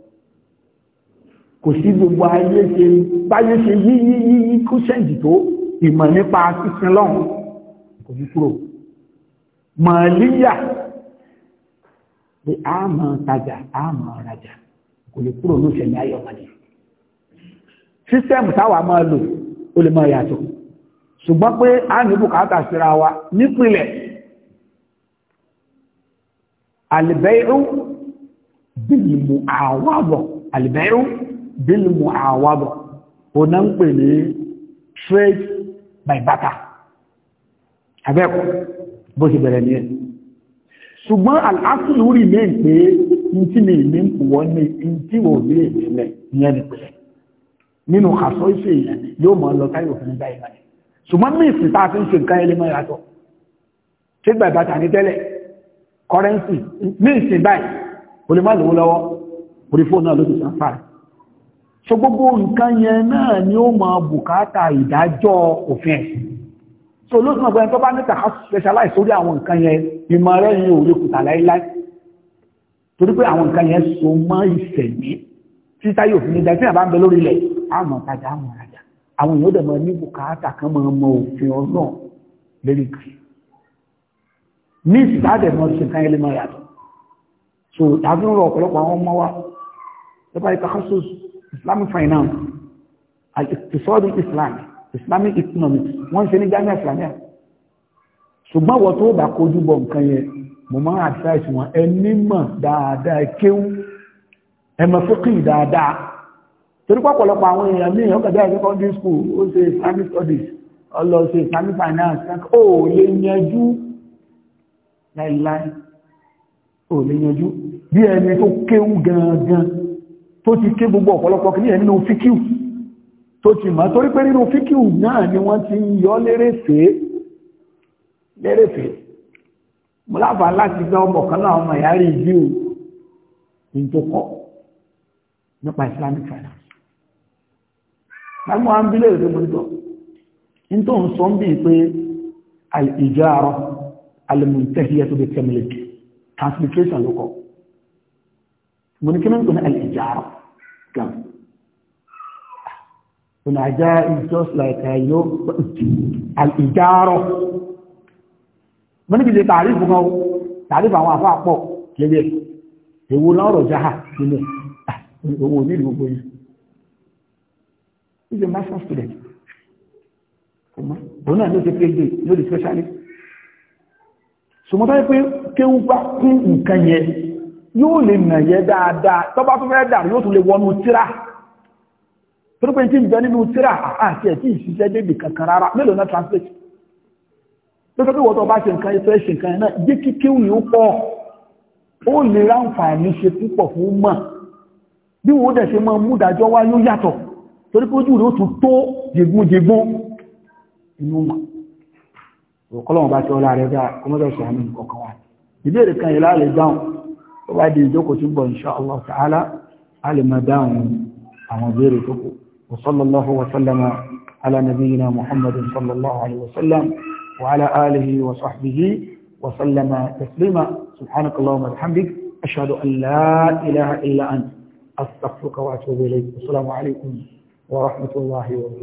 kò sí gbogbo ayé ṣe báyé ṣe yí yí yí yí kó ṣẹ́ǹdì tó ìmọ̀ nípa sísin lọ́hùn kò ní kúrò mọ̀líyà pé a mọ̀ tajà a mọ̀ rajà kò lè kúrò ló ṣẹ̀lẹ̀ ayọ̀ mọ̀lẹ̀ sísẹ́mù táwa máa lò ó lè máa yàtọ̀ ṣùgbọ́n pé a ní bùkátà síra wa nípìnlẹ̀ àlìbẹ́rù bíi mu àwọn àbọ̀ àlìbẹ́rù bil mu'awada o na ń pè ní trade by barter abẹ́kọ̀ bó ṣe bẹ̀rẹ̀ ní ẹ̀ ṣùgbọ́n aláṣìlú rí ní pé ní tí mi ní pùwọ́ ní tí wò ní ìpínlẹ̀ ní ẹni pẹ̀lẹ̀ nínú àṣọ ìṣẹ́ ìyẹn yóò mọ̀ lọ táyọ̀ fún ìgbà ìgbà ṣùgbọ́n ní ìsìn tá fi ń ṣe nǹkan ẹlẹ́mọ́ ìyàtọ̀ trade by barter ní tẹ́lẹ̀ currency ní ìsìn báyìí kò lè má lówó lọ́wọ́ orí fóònù náà ló ti sàn fáà so gbogbo nǹkan yẹn náà ni ó máa bùkátà ìdájọ́ òfin ẹ̀sìn so lóṣùn ọgbẹ́ni tó bá níta specialize sórí àwọn nǹkan yẹn ìmọ̀ rẹ̀ yìí ò lè kùtà láíláí torí pé àwọn nǹkan yẹn so mọ́ ìṣẹ̀mí tí táyé òfin ìdá tí àbá ń bẹ lórí ilẹ̀ àmọ̀ tajà àmọ̀ rajà àwọn èèyàn dẹ̀ mọ́ ní bùkátà kan máa mọ òfin ọlọ́run lérí kan ní ìsìtádẹ̀ mọ́ ṣe nǹkan yẹn lè máa yàtọ̀ so tàbí islamic finance àìsọ́dún islam islamic economics wọ́n ṣe ní ghana islamia ṣùgbọ́n wọ́n tó bá kojú bọ̀ nǹkan yẹn mo máa ń advice wọn ẹni mọ̀ dáadáa kéwú ẹ̀mọ̀ fúkì dáadáa torí pọ̀pọ̀lọpọ̀ àwọn èèyàn ní ìyàn kọjá secondary school ó ṣe islamic studies ọlọ ṣe islamic finance ó lè yanjú láìláì ó lè yanjú bí ẹni tó kéwú gangan tó ti ké gbogbo ọ̀pọ̀lọpọ̀ kìí ẹ̀ nínú fíkíù tó ti máa torí pé nínú fíkíù náà ni wọ́n ti ń yọ lérèfèé lérèfèé mo lábàá láti gbé ọmọ kan náà ọmọ ìyá ìdí o ní tó kọ́ nípa islamic finance lágbó ń bí mo nítọ́ ní tó ń sọ ń bí pé ìjà àrọ alẹ́mùtẹ́hìyẹ́ tó bí kẹ́mìlẹ́kì transmitration ló kọ́ mo ní kí ló ń pè ní al-ijara gan onaja is just like uh, you know al-ijara mo ní kí ṣe tààrí fún ọ tààrí fún àwọn afọ àpọ̀ kéré èwo lọ́rọ̀ jáà nínú ah, owó onílù gbogbo yìí he's a master student òun náà ló ṣe pé gbé lórí specialist sọmọdá yẹ pé kéwú bá kún nǹkan yẹn yóò lè nà yẹ dáadáa tọ́bá tó fẹ́ dàrú yóò tún lè wọnú tíra torípé tí ń bẹ nínú tíra àti ẹ̀ tí ìṣiṣẹ́ débì kankan rárá mélòó náà translate tó tó wọ́n tó bá ṣe nǹkan ẹ̀fẹ́ ṣe nǹkan náà jẹ́ kíkí òní ó pọ̀ ó lè ráǹfààní ṣe púpọ̀ fún mọ̀ bí wọ́n dẹ̀ ṣe máa mú dájọ́ wá yóò yàtọ̀ torípé ojú rẹ̀ ó tún tó jẹgúnjẹgún inú mọ̀ òkọlọ́wọ́n bá ṣe ọlá rẹ̀ dáa kọmọ́dọ̀ ṣe àmì kọ̀ọ̀kan wá ìbéèrè kan yìí láàrẹ̀ dáhùn bá di ìjókòó tí bọ̀ insha Allah ta'ala a àwọn béèrè tó sallallahu wa sallama ala nabiyyina muhammadin sallallahu alaihi wa sallam wa ala alihi wa sahbihi وسلم تسليما سبحانك اللهم وبحمدك أشهد أن لا إله إلا أنت أستغفرك وأتوب إليك السلام عليكم ورحمة الله وبركاته